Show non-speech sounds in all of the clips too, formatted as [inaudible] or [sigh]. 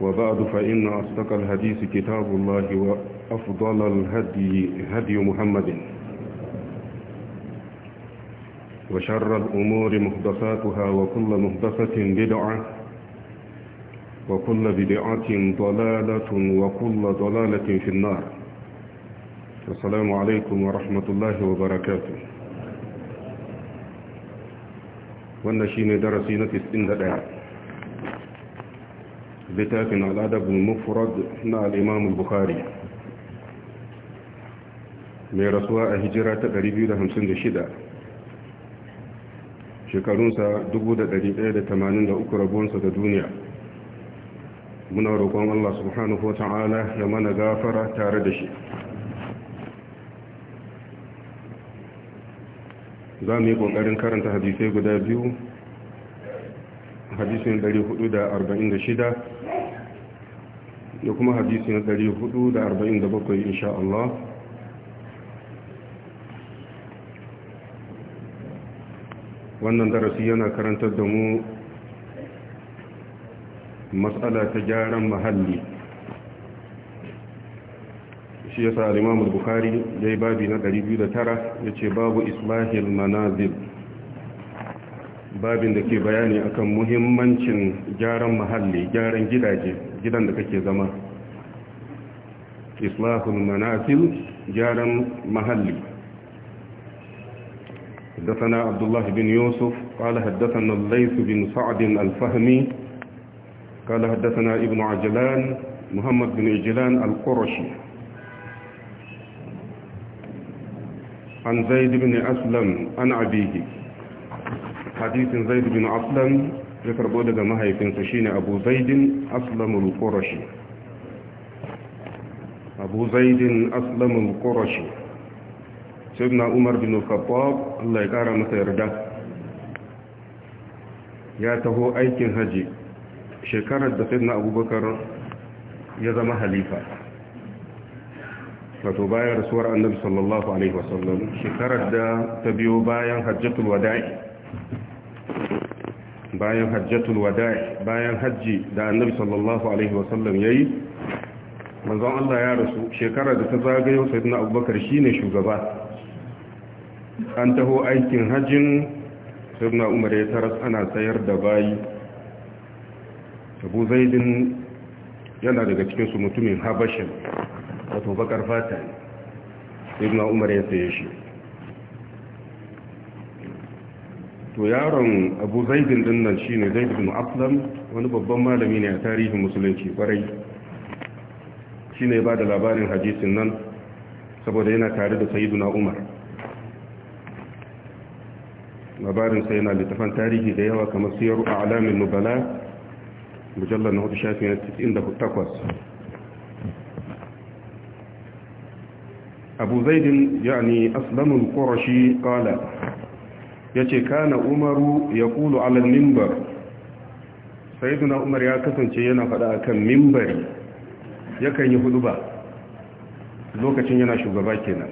وبعد فإن أصدق الحديث كتاب الله وأفضل الهدي هدي محمد وشر الأمور مهدفاتها وكل مهدفة بدعة وكل بدعة ضلالة وكل ضلالة في النار السلام عليكم ورحمة الله وبركاته والنشين درسينة السنة littafin al'adabul mufrad na al'imam bukhari mai rasuwa a hijira ta 256 shekarunsa 1183 rabuwansa da duniya muna roƙon Allah subhanahu ya mana gafara tare da shi za mu yi ƙoƙarin karanta hadisai guda biyu hadisun da kuma hadisi na 447 insha Allah wannan darasi yana karantar da mu matsala ta gyaran mahalli shi ya sa alimamul bukari ya yi babi na 209 ya ce babu islahil manazil babin da ke bayani akan muhimmancin gyaran mahalli gyaran gidaje gidan da kake zama islahul manazil gyaran mahalli حدثنا عبد الله بن يوسف قال حدثنا الليث بن سعد الفهمي قال حدثنا ابن عجلان محمد بن عجلان القرشي عن زيد بن أسلم عن أبيه حديث زيد بن أسلم ya karbo daga mahaifinsa shine abu zaidin aslamul qurashi abu zaidin aslamul qurashi sayyidina umar bin khattab Allah ya ƙara masa yarda ya taho aikin haji shekarar da sayyidina abubakar ya zama halifa wato bayan rasuwar annabi sallallahu alaihi wasallam shekarar da ta biyo bayan hajjatul wada'i bayan hajjatul wada'i bayan hajji da annabi sallallahu alaihi wasallam yayi manzon Allah ya rasu shekara da ta zagayo sayyidina abubakar shine shugaba an taho aikin hajjin sayyidina umar ya taras ana sayar da bayi abu zaidin yana daga cikin su mutumin habashin wato bakar fata sayyidina umar ya saye shi to yaron abu zaidin din nan shine zaid bin aslam wani babban malami ne a tarihin musulunci kwarai shine ba da labarin hadisin nan saboda yana tare da saiduna umar labarin sai yana littafan tarihi da yawa kamar siyaru a alamin nubala mujallar na hudu shafi na 98 abu zaidin ya ne aslamun ƙorashi ƙala yace kana umaru ya kulu ala al-minbar sayyiduna umar ya kasance yana faɗa akan minbari yakan yi huduba lokacin yana shugaba kenan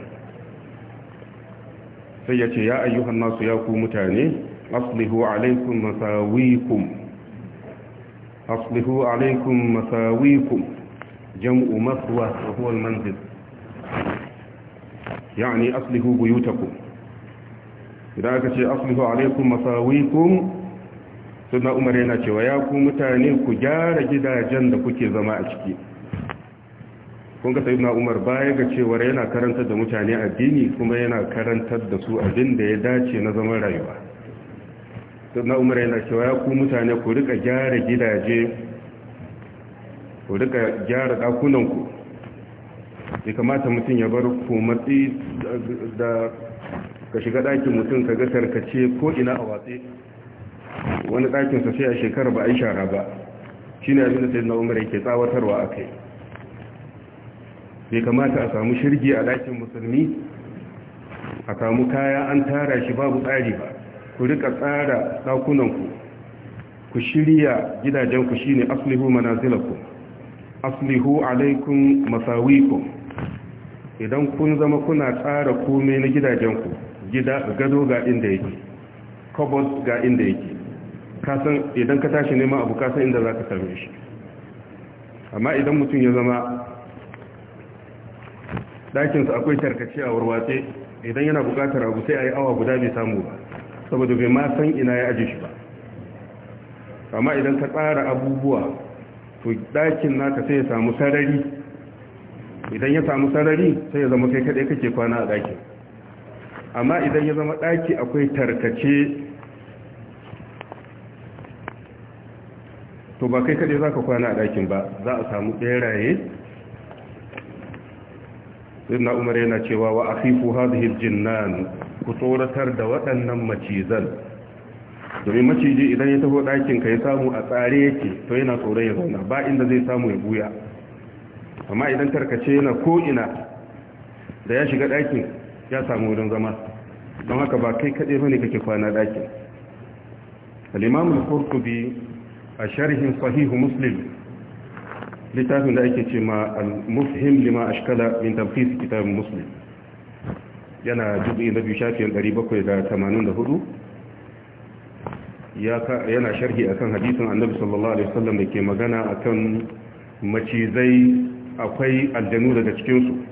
sai yace ya ayyuhan nasu ya ku mutane aslihu alaikum masawikum aslihu alaikum masawikum jam'u maswa wa huwa al-manzil yani aslihu buyutakum idan aka ce aslihu alaikum masawikum sunna umar yana cewa ya ku mutane ku gyara gidajen da kuke zama a ciki kun ga sayyidina umar baya ga cewar yana karantar da mutane addini kuma yana karantar da su abin da ya dace na zaman rayuwa sunna umar yana cewa ya ku mutane ku rika gyara gidaje ku rika gyara dakunan ku ya kamata mutum ya bar ku matsi da ka shiga ɗakin mutum ka ga tarkace ko ina a watsi wani ɗakinsa sai a shekara ba a yi shara ba shi ne abinda sai na umar yake tsawatarwa a kai bai kamata a samu shirgi a ɗakin musulmi a samu kaya an tara shi babu tsari ba ku rika tsara ɗakunanku ku shirya gidajenku shi ne aslihu manazilakum aslihu alaikum masawikum idan kun zama kuna tsara komai na gidajenku gida gado ga inda yake cupboard ga inda yake kasan idan ka tashi neman abu kasan inda za ka same shi amma idan mutum ya zama dakinsa akwai tarkace a warwatse idan yana buƙatar abu sai a yi awa guda bai samu ba saboda bai ma san ina ya aji shi ba amma idan ka tsara abubuwa to ɗakin naka sai ya samu sarari idan ya samu sarari sai ya zama kai kaɗai kake kwana a ɗakin amma idan ya zama daki akwai tarkace to ba kai kaɗai za ka kwana a ɗakin ba za a samu ɓeraye na umar yana cewa wa afifu hadhihi jinnan ku tsoratar da waɗannan macizan domin maciji idan ya taho ɗakin ka ya samu a tsare yake to yana tsoron ya zauna ba inda zai samu ya buya amma idan tarkace yana ko'ina da ya shiga ɗakin ya samu wurin zama don haka ba kai kadai bane kake kwana ɗakin al-imam al-qurtubi a sharihin sahihu muslim littafin da ake ce ma al-mufhim lima ashkala min tamhis kitab muslim yana juzu'i na biyu shafiyan 784 yana sharhi akan hadisin annabi sallallahu alaihi wasallam da ke magana akan macizai akwai aljanu daga cikinsu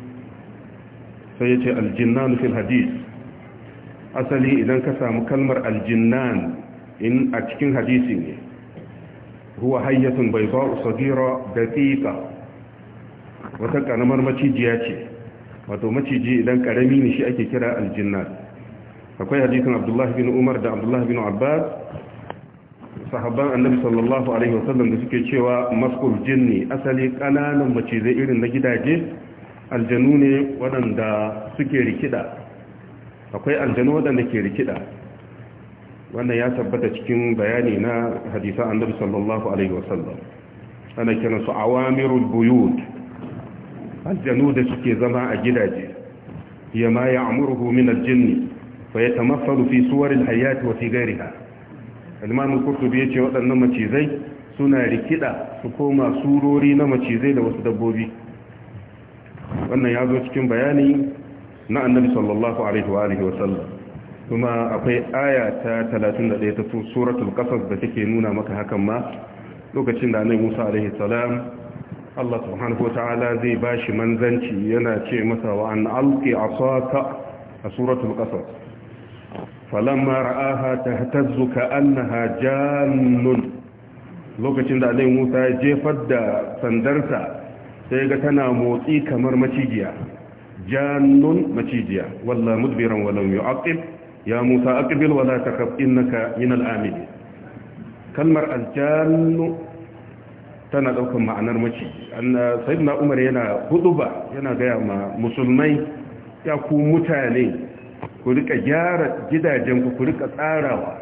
sai ya ce aljinnan fil hadis asali idan ka samu kalmar aljinnan in a cikin hadisi ne huwa hayyatun bai ba usagira daƙiƙa wata ƙaramar macijiya ce wato maciji idan ƙarami ne shi ake kira aljinnan akwai hadisin abdullahi bin umar da abdullahi bin abbas sahabban annabi sallallahu alaihi wasallam da suke cewa maskul jinni asali ƙananan macizai irin na gidaje aljanu ne waɗanda suke rikida akwai aljanu waɗanda ke rikida wannan ya tabbata cikin bayani na hadisa annabi sallallahu alaihi wasallam ana kiransu awamirul buyut aljanu da suke zama a gidaje ya ma ya amurhu min aljinni fa yatamassalu fi suwaril hayati wa fi ghayriha al kurtubi ya ce waɗannan macizai suna rikida su koma surori na macizai da wasu dabbobi wannan ya zo cikin bayani na annabi sallallahu alaihi wa alihi wa kuma akwai aya ta 31 ta suratul qasas da take nuna maka hakan ma lokacin da annabi Musa alaihi salam Allah subhanahu wa ta'ala zai bashi manzanci yana ce masa wa an alqi asaka a suratul qasas falamma ra'aha tahtazzu ka'annaha jannun lokacin da annabi Musa ya jefar da sandarsa sai ga tana motsi kamar macijiya jannun macijiya walla mudbiran walam yu'aqib ya musa aqbil wala takab innaka min al-amin kalmar aljannu tana daukan ma'anar maciji anna sayyidina umar yana huduba yana ga ma musulmai ya ku mutane ku rika gyara gidajen ku rika tsarawa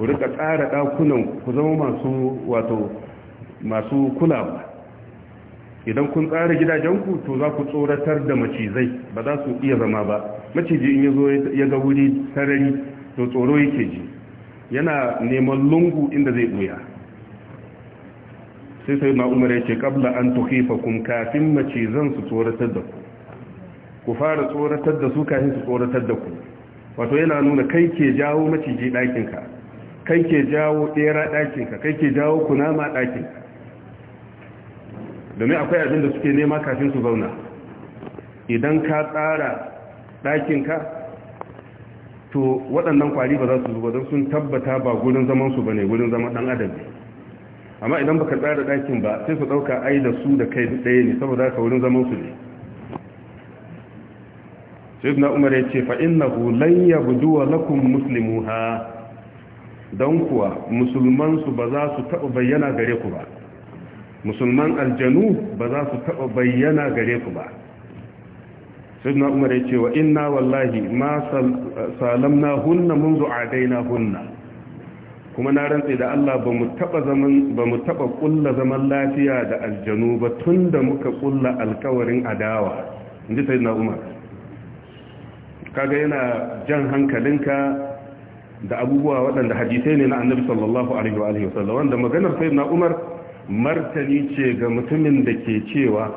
ku rika tsara dakunan ku zama masu wato masu kulawa idan kun tsara gidajenku to za ku tsoratar da macizai ba za su iya zama ba maciji in yazo ya ga wuri sarari to tsoro yake ji yana neman lungu inda zai buya sai sai na umar ya ce kabla an tukifa kun kafin macizan su tsoratar da ku ku fara tsoratar da su kafin su tsoratar da ku wato yana nuna kai ke jawo maciji ɗakinka kai ke jawo ɗera ɗakinka kai ke jawo kunama ɗakinka domin akwai abin da suke nema kafin su zauna idan ka tsara ɗakinka to waɗannan kwari ba za su zuba don sun tabbata ba gudun zaman su ba ne gudun zaman ɗan adam amma idan ba ka tsara ɗakin ba sai su ɗauka ai da su da kai ɗaya ne saboda ka wurin zaman su ne sai na umar ya ce na lan ya guduwa lakun musulmi ha don kuwa musulmansu ba za su taɓa bayyana gare ku ba musulman aljanu ba za su taɓa bayyana gare ku ba na umar ya ce wa inna wallahi ma salamna hunna munzu adaina hunna kuma na rantse da Allah ba mu taɓa zaman ba mu taɓa zaman lafiya da aljanu ba tunda muka ƙulla alkawarin adawa inji na umar kaga yana jan hankalinka da abubuwa waɗanda hadisai ne na annabi sallallahu alaihi wa wanda maganar na umar martani ce ga mutumin da ke cewa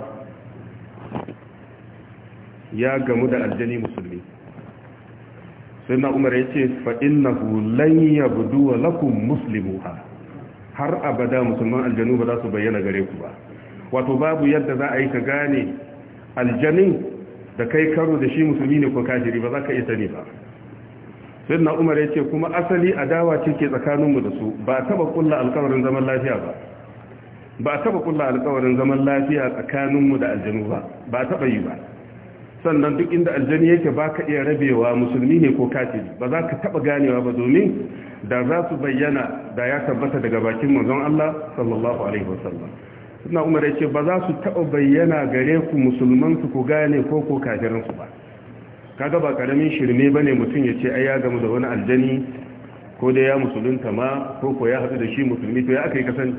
ya gamu da aljani musulmi sai na umar ya ce na lan ya buduwa lakun ha har abada musulman aljanu ba za su bayyana gare ku ba wato babu yadda za a yi ka gane aljanin da kai karo da shi musulmi ne ko kajiri ba za ka isa ne ba sai na umar ya ce kuma asali adawa dawa ke tsakaninmu da su ba taba kulla alkawarin zaman lafiya ba ba a taba kulla alkawarin zaman lafiya tsakaninmu da aljanu ba ba a taba yi ba sannan duk inda aljani yake ba ka iya rabewa musulmi ne ko kafiri ba za ka taba ganewa ba domin da za su bayyana da ya tabbata daga bakin manzon Allah sallallahu alaihi wasallam suna umar yace ba za su taba bayyana gare ku musulman su ku gane ko ko kafirin su ba kaga ba karamin shirme bane mutum yace ai ya gamu da wani aljani ko da ya musulunta ma ko ko ya haɗu da shi musulmi to ya aka yi kasance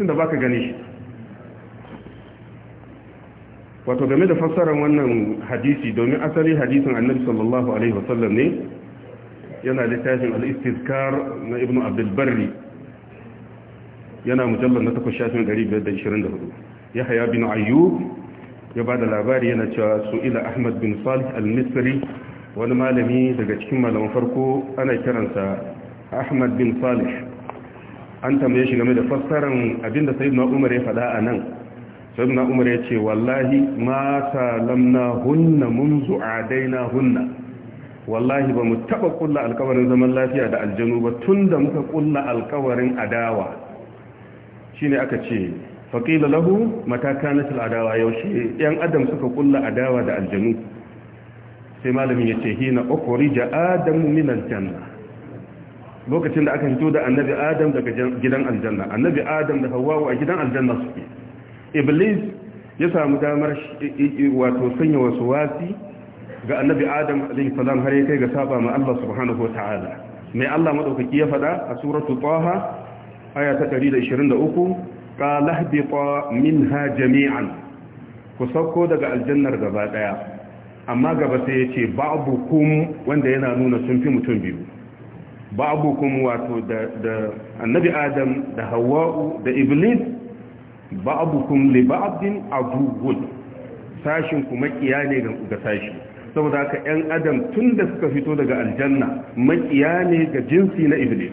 tunda baka gane shi wato game da fassarar wannan hadisi domin asali hadisin annabi sallallahu alaihi wasallam ne yana littafin al-istizkar na ibn abdul barri yana mujallar na takwas shafin 524 haya bin ayyub ya ba da labari yana cewa ila ahmad bin salih al-misri wani malami daga cikin malaman farko ana kiransa ahmad bin salih an tambaye shi game da fassaran abinda sayyidina umar ya faɗa a nan sayyidina umar ya ce wallahi ma salamna hunna munzu adaina hunna wallahi ba mu taɓa ƙulla alkawarin zaman lafiya da aljanu ba tun da muka ƙulla alkawarin adawa shine aka ce faƙila lahu matakanatul adawa yaushe yan adam suka ƙulla adawa da aljanu sai malamin ya ce hina ukhrija adamu min aljanna lokacin da aka fito da annabi adam daga gidan aljanna annabi adam da hawawa a gidan aljanna suke iblis ya samu damar wato sanya wasu wasi ga annabi adam alaihi har ya kai ga saba ma Allah subhanahu ta'ala mai Allah maɗaukaki ya faɗa a suratul taha aya ta 123 qala hbiqa minha jami'an ku sauko daga aljannar gaba daya amma gaba sai ya ce babu kum wanda yana nuna sun fi mutum biyu kuma wato da annabi adam da hawa da iblis ba'dukum li ba'din abubuwan sashin kuma kiya ne ga sashi saboda haka ƴan adam tunda suka fito daga aljanna makiya ga jinsi na iblis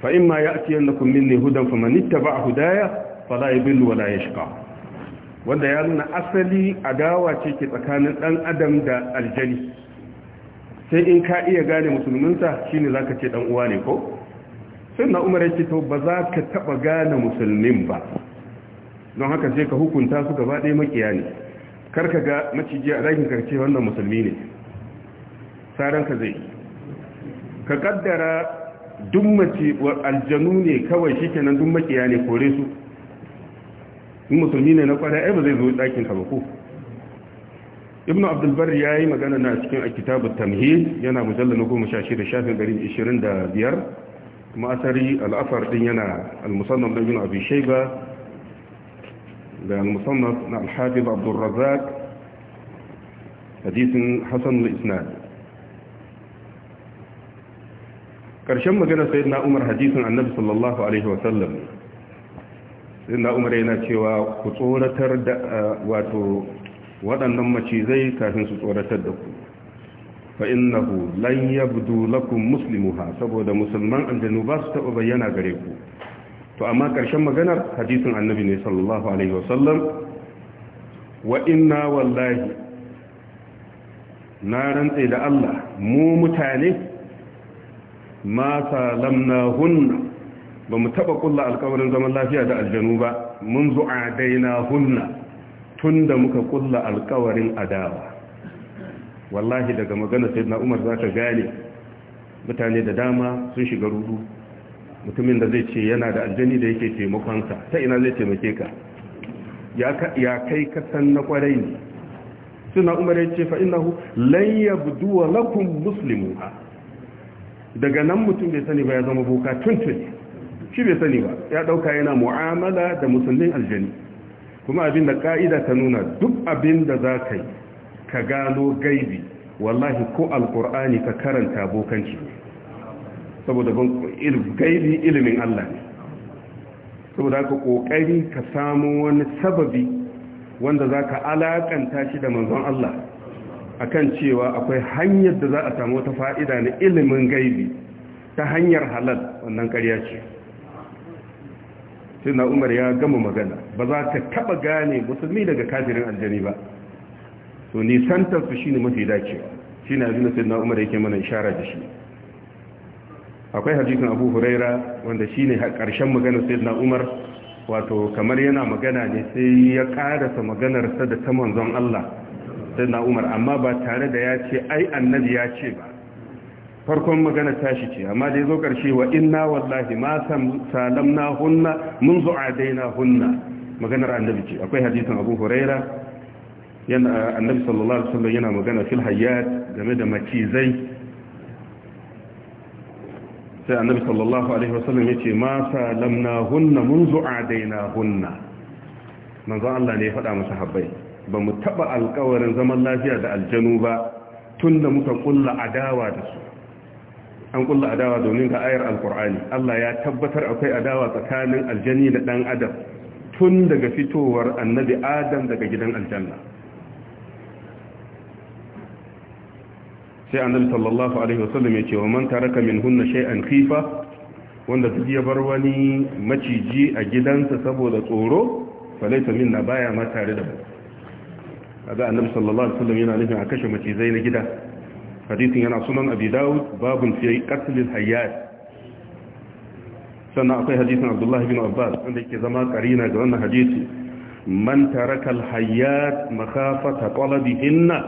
fa imma ya'tiyannakum minni hudan faman ittaba'a hudaya fala yadhillu wala yashqa wanda ya nuna asali adawa ce ke tsakanin dan adam da aljani sai in ka iya gane musulminsa shine ka ce ɗan’uwa ne ko sai na umar yake to ba za ka taɓa gane musulmin ba don haka sai ka hukunta su gaba ɗaya makiya ne kar ka ga maciji a ɗakin karce wannan musulmi ne saran ka zai ka ƙaddara dun mace wa aljanu ne kawai shi kenan duk makiya ne kore su in musulmi ne na kwada ai ba zai zo ɗakin ka ba ko ibn abdulbar ya yi magana na cikin a kitabun tamhid yana mujalla na goma sha shida shafin ɗari ishirin da biyar kuma asari al'afar ɗin yana al-musamman ɗan yin abu shaiba da al-musamman na al-hafiz abdulrazak hadisin hassan al-isnad ƙarshen magana sai na umar hadisin annabi sallallahu alaihi wasallam sai na umar yana cewa ku tsoratar da wato waɗannan macizai kafin su tsoratar da ku fa innahu lan yabdu lakum muslimuha saboda musulman aljanu ba su taɓa bayyana gare ku to amma ƙarshen maganar hadisin annabi ne sallallahu alaihi wasallam wa inna wallahi na rantse da Allah mu mutane ma salamna hunna ba mu taɓa ƙulla alkawarin zaman lafiya da aljanu ba mun zu'a daina hunna tun da muka kulla alkawarin adawa wallahi daga magana sai na umar za ka gane mutane da dama sun shiga rudu mutumin da zai ce yana da aljani da yake taimakonsa ta ina zai taimake ka ya kai kasan na kwarai ne suna umar ya ce fa'inahu buduwa lakun musulmi ha daga nan mutum bai sani ba ya zama boka tuntun shi bai sani ba ya dauka yana mu'amala da musulmin aljani kuma abin da ka'ida ta nuna duk abin da za ka yi ka gano gaibi wallahi ko alkur'ani ka karanta bokanci saboda gaibi ilimin Allah ne saboda ka ƙoƙari ka samu wani sababi wanda za ka alaƙanta shi da manzon Allah akan cewa akwai hanyar da za a samu wata fa'ida na ilimin gaibi ta hanyar halal wannan ƙarya ce sai na umar ya gama magana ba za ta taba gane musulmi daga kafirin aljani ba to nisantar su shine mafi dacewa shi abin da sai na umar yake mana ishara da shi akwai hadisin abu huraira wanda shi ne karshen magana sai na umar wato kamar yana magana ne sai ya karasa maganarsa da ta manzon Allah sai na umar amma ba tare da ya ce ai annabi ya ce ba farkon magana tashi ce amma da ya zo ƙarshe wa inna wallahi ma na hunna mun zo adaina hunna maganar annabi ce akwai hadisin abu huraira yana annabi sallallahu alaihi wasallam yana magana fil hayyat game da macizai sai annabi sallallahu alaihi wasallam ce ma salam na hunna mun zo adaina hunna manzo Allah ne ya faɗa masa habbai ba mu taba alƙawarin zaman lafiya da aljanu ba tunda muka kulla adawa da su an kulla adawa domin ga ayar alkur'ani Allah ya tabbatar akwai adawa tsakanin aljani da dan adam tun daga fitowar annabi adam daga gidan aljanna sai annabi sallallahu alaihi wasallam ya ce wa man taraka minhunna shay'an khifa wanda duk ya bar wani maciji a gidansa saboda tsoro falaita minna baya ma tare da mu kaga annabi sallallahu alaihi wasallam yana nufin a kashe macizai na gida hadisin yana sunan abi dawud babun fi qatl hayyat sannan akwai hadisin abdullah bin abbas wanda yake zama karina ga wannan hadisi man taraka al-hayyat makhafata talabihinna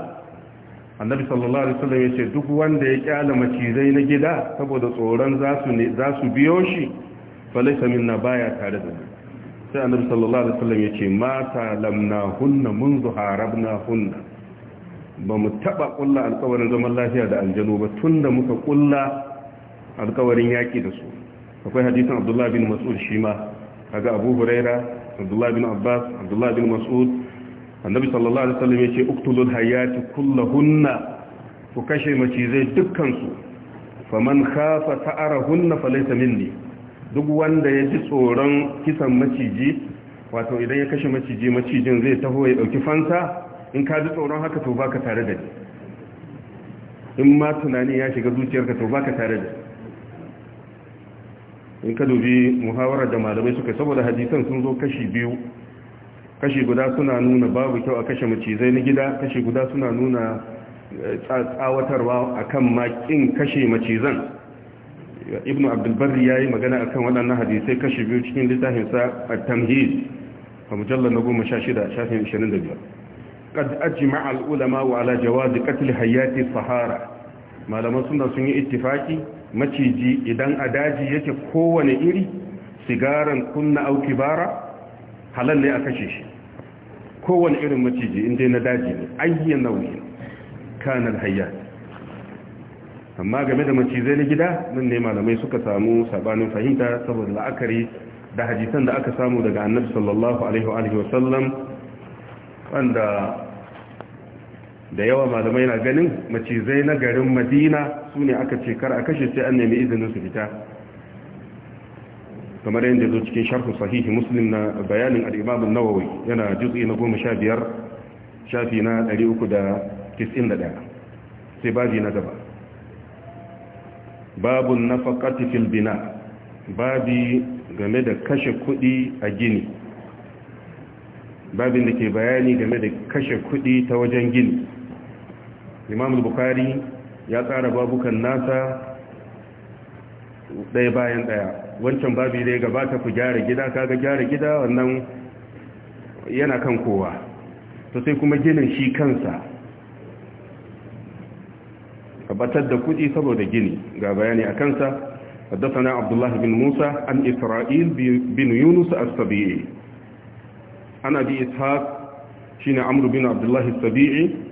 annabi sallallahu alaihi wasallam yace duk wanda ya kyala macizai na gida saboda tsoron zasu ne zasu biyo shi falaysa minna baya tare da sai annabi sallallahu alaihi wasallam yace mata lamna hunna munzu harabna hunna ba mu taɓa ƙulla alkawarin zaman lafiya da aljanu ba tun da muka ƙulla alkawarin yaƙi da su akwai hadisin abdullahi bin mas'ud shi ma kaga abu huraira abdullahi bin abbas abdullahi bin mas'ud annabi sallallahu alaihi wasallam yace uktulul hayati kullahunna ku kashe macizai dukkan su faman khafa ta'arahunna falaysa minni duk wanda ya ji tsoron kisan maciji wato idan ya kashe maciji macijin zai taho ya dauki fansa in ka ji tsoron haka to baka tare da ni in ma tunani ya shiga zuciyarka to baka tare da in ka dubi muhawarar da malamai suka saboda hadisan sun zo kashi biyu kashi guda suna nuna babu kyau a kashe macizai na gida kashi guda suna nuna eh, tsawatarwa akan makin kashe macizan ibn abdulbarri ya yi magana akan waɗannan hadisai kashi biyu cikin littafinsa a tamhid a mujallar na goma sha shida shafin 25 qad ajma'a al-ulama wa ala jawaz qatl hayati sahara malaman suna sun yi ittifaki maciji idan a daji yake kowane iri sigaran kunna au kibara halal ne a kashe shi kowane irin maciji inda na daji ne ayyan nauyi kanar hayya amma game da macizai na gida nan ne malamai suka samu sabanin fahimta saboda la'akari da hadisan da aka samu daga annabi sallallahu alaihi da yawa malamai na ganin macizai na garin madina su ne aka ce kar a kashe sai an nemi izinin su fita kamar yadda zo cikin sharhu sahihi muslim na bayanin al'imamun nawawi yana jutsi na goma sha biyar shafi na uku da da ɗaya, sai babi na gaba babun na fil bina babi game da kashe kuɗi a gini babin da ke bayani game da kashe kuɗi ta wajen gini imam bukhari ya tsara babukan nasa ɗaya bayan ɗaya wancan babi da ya gabata ku gyara gida kaga gyara gida wannan yana kan kowa to sai kuma ginin shi kansa tabbatar da kuɗi saboda gini ga bayani a kansa حدثنا عبد الله بن موسى عن إسرائيل bin يونس السبيعي ana أبي إسحاق شين عمرو بن عبد الله السبيعي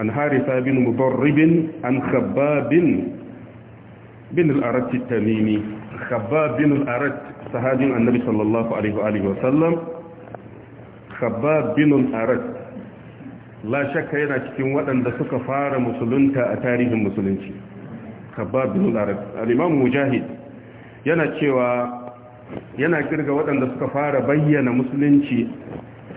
an harisa bin mubarribin an khabbabin bin al'arat tamimi khabbab bin al'arat sahajin annabi sallallahu alaihi wa sallam khabbab bin al'arat la shakka yana cikin waɗanda suka fara musulunta a tarihin musulunci khabbab bin al-arab mujahid yana cewa yana kirga waɗanda suka fara bayyana musulunci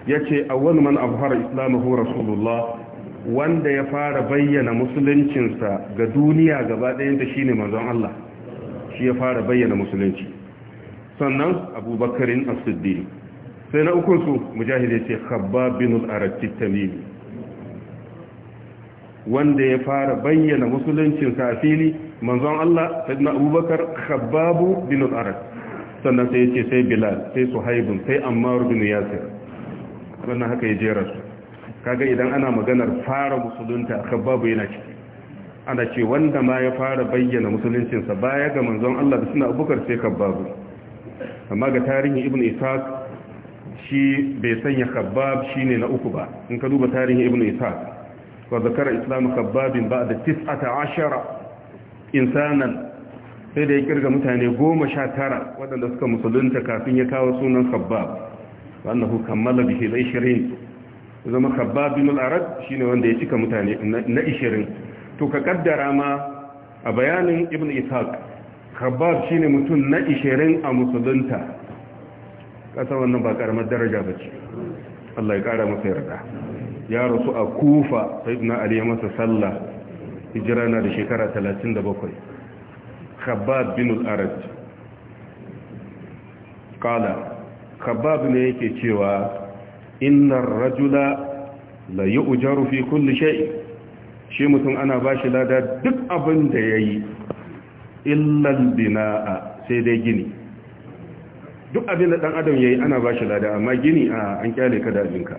Ya yace awwal man azhara islamahu rasulullah wanda ya fara bayyana musuluncinsa ga duniya gaba ɗayanta ne manzon Allah shi ya fara bayyana musulunci sannan abubakarin as-siddiq sai na ukunsu mujahide ce khabbab bin al-aratti tamimi wanda ya fara bayyana musuluncinsa a fili manzon Allah sai na abubakar khabbab bin al-arat sannan sai ya ce sai bilal sai suhaibun sai ammar bin yasir wannan haka ya jera su kaga idan ana maganar fara musulunta babu yana ciki ana ce wanda ma ya fara bayyana musuluncinsa baya ga manzon Allah da suna abubakar sai babu amma ga tarihin ibn ishaq shi bai sanya shi ne na uku ba in ka duba tarihin ibn ishaq wa zakara islamu da ba'da 19 insanan sai da ya kirga mutane goma sha tara waɗanda suka musulunta kafin ya kawo sunan kabbab wannan kammala bihi 20 zama al'arab shi ne wanda ya cika mutane na 20 to ka kaddara ma a bayanin ibn ishaq shi ne mutum na 20 a musulunta ƙasa wannan ba ƙaramar daraja ba ce. Allah ya ƙara masa yarda ya rasu a kufa ibn ali ya masa sallah hijira na da shekara 37 khabbab bin al'arab arad qala ne yake cewa innar rajula la yu'jaru fi kulli shay shi mutum ana ba shi lada duk abin da yayi illa al-bina'a sai dai gini duk abin da dan adam yayi ana shi lada amma gini a an kyale ka da abinka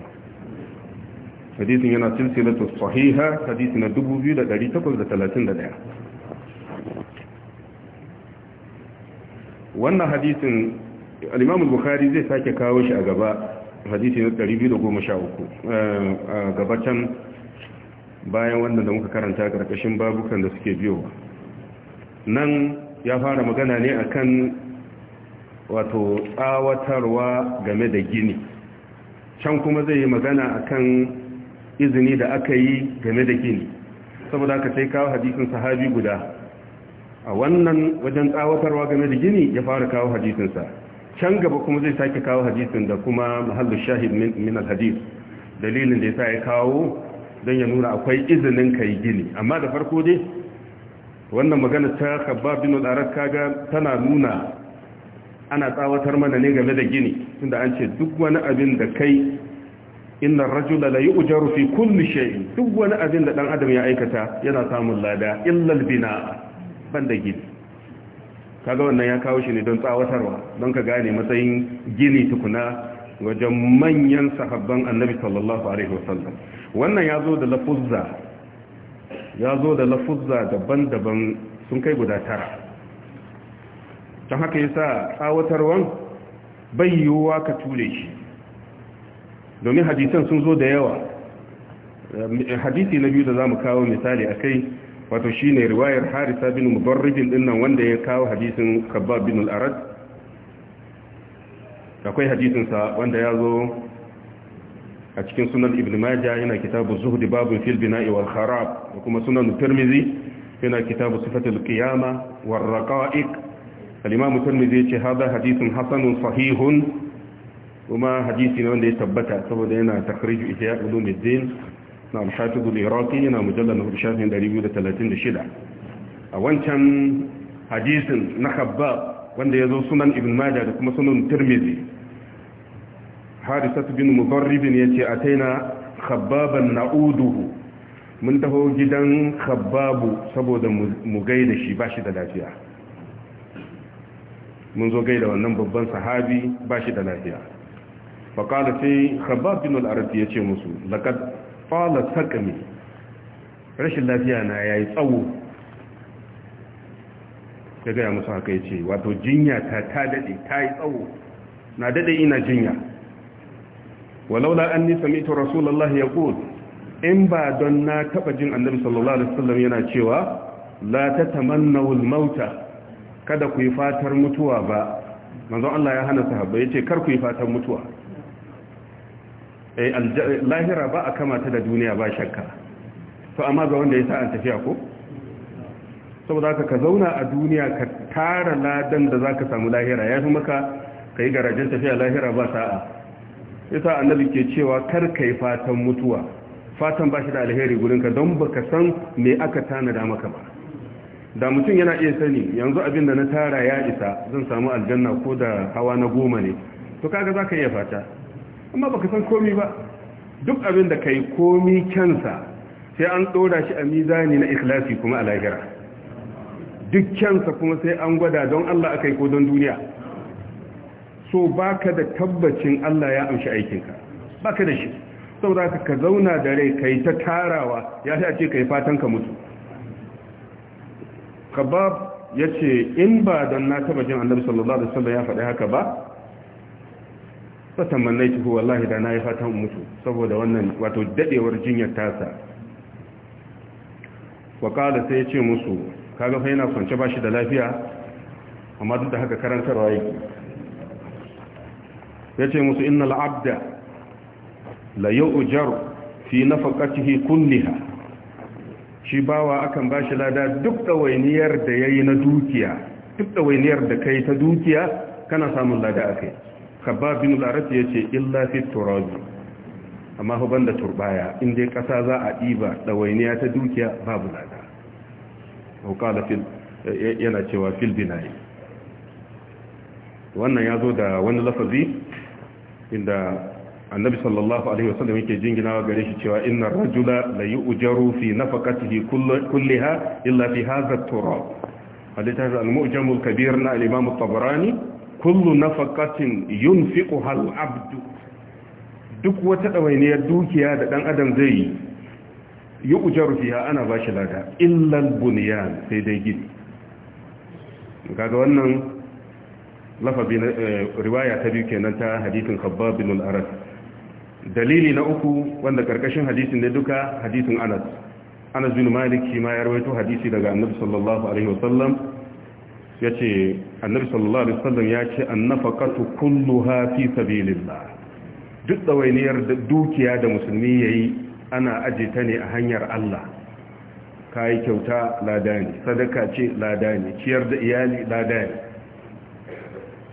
hadisin yana silsilatu sahiha hadisi na 2831 wannan hadisin al-imam al-bukhari zai sake kawo shi a gaba hadisi 213 eh, gabatan bayan wannan da muka karanta karkashin babukan da suke biyo nan ya fara magana ne akan wato tsawatarwa game da gini can kuma zai yi magana akan izini da aka yi game da gini saboda aka sai kawo hadisin sahabi guda a wannan wajen tsawatarwa game da gini ya fara kawo hadisinsa can gaba kuma zai sake kawo hadisin da kuma mahallu shahid min alhadis dalilin da yasa ya kawo don ya nuna akwai izinin kai gini amma da farko dai wannan magana ta kabba bin al-arab kaga tana nuna ana tsawatar mana ne game da gini tunda an ce duk wani abin da kai inna ar la yu'jaru fi kulli shay'in duk wani abin da dan adam ya aikata yana samun lada illa al-bina'a banda gini kaga wannan ya kawo shi ne don tsawatarwa don ka gane matsayin gini tukuna wajen manyan sahabban annabi sallallahu alaihi wasallam wannan ya zo da lafuzza ya zo da lafuzza daban-daban sun kai guda tara don haka sa tsawatarwan bai yiwuwa ka tule shi domin hadisan sun zo da yawa hadisi na biyu da za mu kawo misali a kai wato shine riwayar harisa bin mubarrijin dinnan wanda ya kawo hadisin kabbab bin al akwai hadisinsa wanda ya zo a cikin sunan ibn maja yana kitabu zuhd babun fil bina'i wal kharab da kuma sunan tirmizi yana kitabu sifatul Kiyama war raqa'iq al-imam tirmizi yace hada hadisin hasanun sahihun kuma hadisi ne wanda ya tabbata saboda yana takhrij ihya ulumuddin na al-hafiz al-iraqi yana mujalla na shafin dari biyu da da talatin shida a wancan hadisin na khabbab wanda ya zo sunan ibn majah da kuma sunan tirmidhi harisat bin ya ce mudarrib yace ataina khabbaban na'uduhu mun taho gidan khabbabu saboda mu gai da shi bashi da lafiya mun zo gai da wannan babban sahabi bashi da lafiya faƙada sai khabab bin al-arabi yace musu laqad fala sakami rashin lafiya na ya yi tsawo ya gaya musu haka ya ce wato jinya ta ta daɗe ta yi tsawo na daɗe ina jinya walaula an nisa mito rasulallah ya in ba don na taɓa jin annabi sallallahu alaihi wasallam yana cewa la ta tamannawul mauta kada ku yi fatar mutuwa ba manzon Allah ya hana sahabbai yace kar ku yi fatar mutuwa Eh, eh, lahira ba a kamata da duniya ba shakka to amma ga wanda ya sa an tafiya ko saboda haka ka zauna a duniya ka tara ladan da zaka samu lahira ya fi maka ka yi garajen tafiya lahira ba sa'a yasa annabi ke cewa kar ka yi fatan mutuwa fatan ba shi da alheri gurinka don ba ka san me aka tanada maka ba da mutum yana iya sani yanzu abin da na tara ya isa zan samu aljanna ko da hawa na goma ne to kaga za ka iya fata amma baka san komi ba duk abin da kai komi kyansa sai an tsora shi a mizani na ikhlasi kuma a lahira duk kyansa kuma sai an gwada don Allah akai ko don duniya so baka da tabbacin Allah ya amshi aikinka baka da shi saboda ka zauna da rai kai ta tarawa ya sai a ce kai fatan ka mutu kabab ya ce in ba don na taba annabi sallallahu alaihi wasallam ya faɗi haka ba fata mannaitu wallahi da na yi fatan mutu saboda wannan wato dadewar jinyar tasa wakala sai ya ce musu kaga fa yana kwance ba shi da lafiya amma duk da haka karantarwa yake ya ce musu innal abda la yu'jar fi nafaqatihi kulliha shi bawa akan bashi lada duk wainiyar da yayi na dukiya duk wainiyar da kai ta dukiya kana samun lada akai kabab bin al-arab yace illa fi turabi amma fa da turbaya in dai ƙasa za a diba dawainiya ta dukiya babu lada ko kala fil yana cewa fil bina'i wannan ya zo da wani lafazi inda annabi sallallahu alaihi wasallam yake jinginawa gare shi cewa innar rajula la yu'jaru fi nafaqatihi kullaha illa fi hadha at-turab hadith al-mu'jam al-kabir na al-imam at-tabarani kullu nafaqatin yunfiquha al-abd duk wata dawainiyar dukiya da dan adam zai yi yu'jaru fiha ana bashi lada illa al-bunyan sai dai gidi kaga wannan lafabi eh, riwaya ta biyu kenan ta hadithin khabbab bin al-aras dalili na uku wanda karkashin hadisin ne duka hadisin anas anas bin malik shi ma ya rawaito hadisi daga annabi sallallahu alaihi wasallam ya ce annabi sallallahu alaihi wasallam ya ce annafaqatu kulluha fi sabilillah duk dawainiyar dukiya da musulmi yayi ana aje ta ne a hanyar Allah kai kyauta ladani sadaka ce ladani ciyar da iyali ladani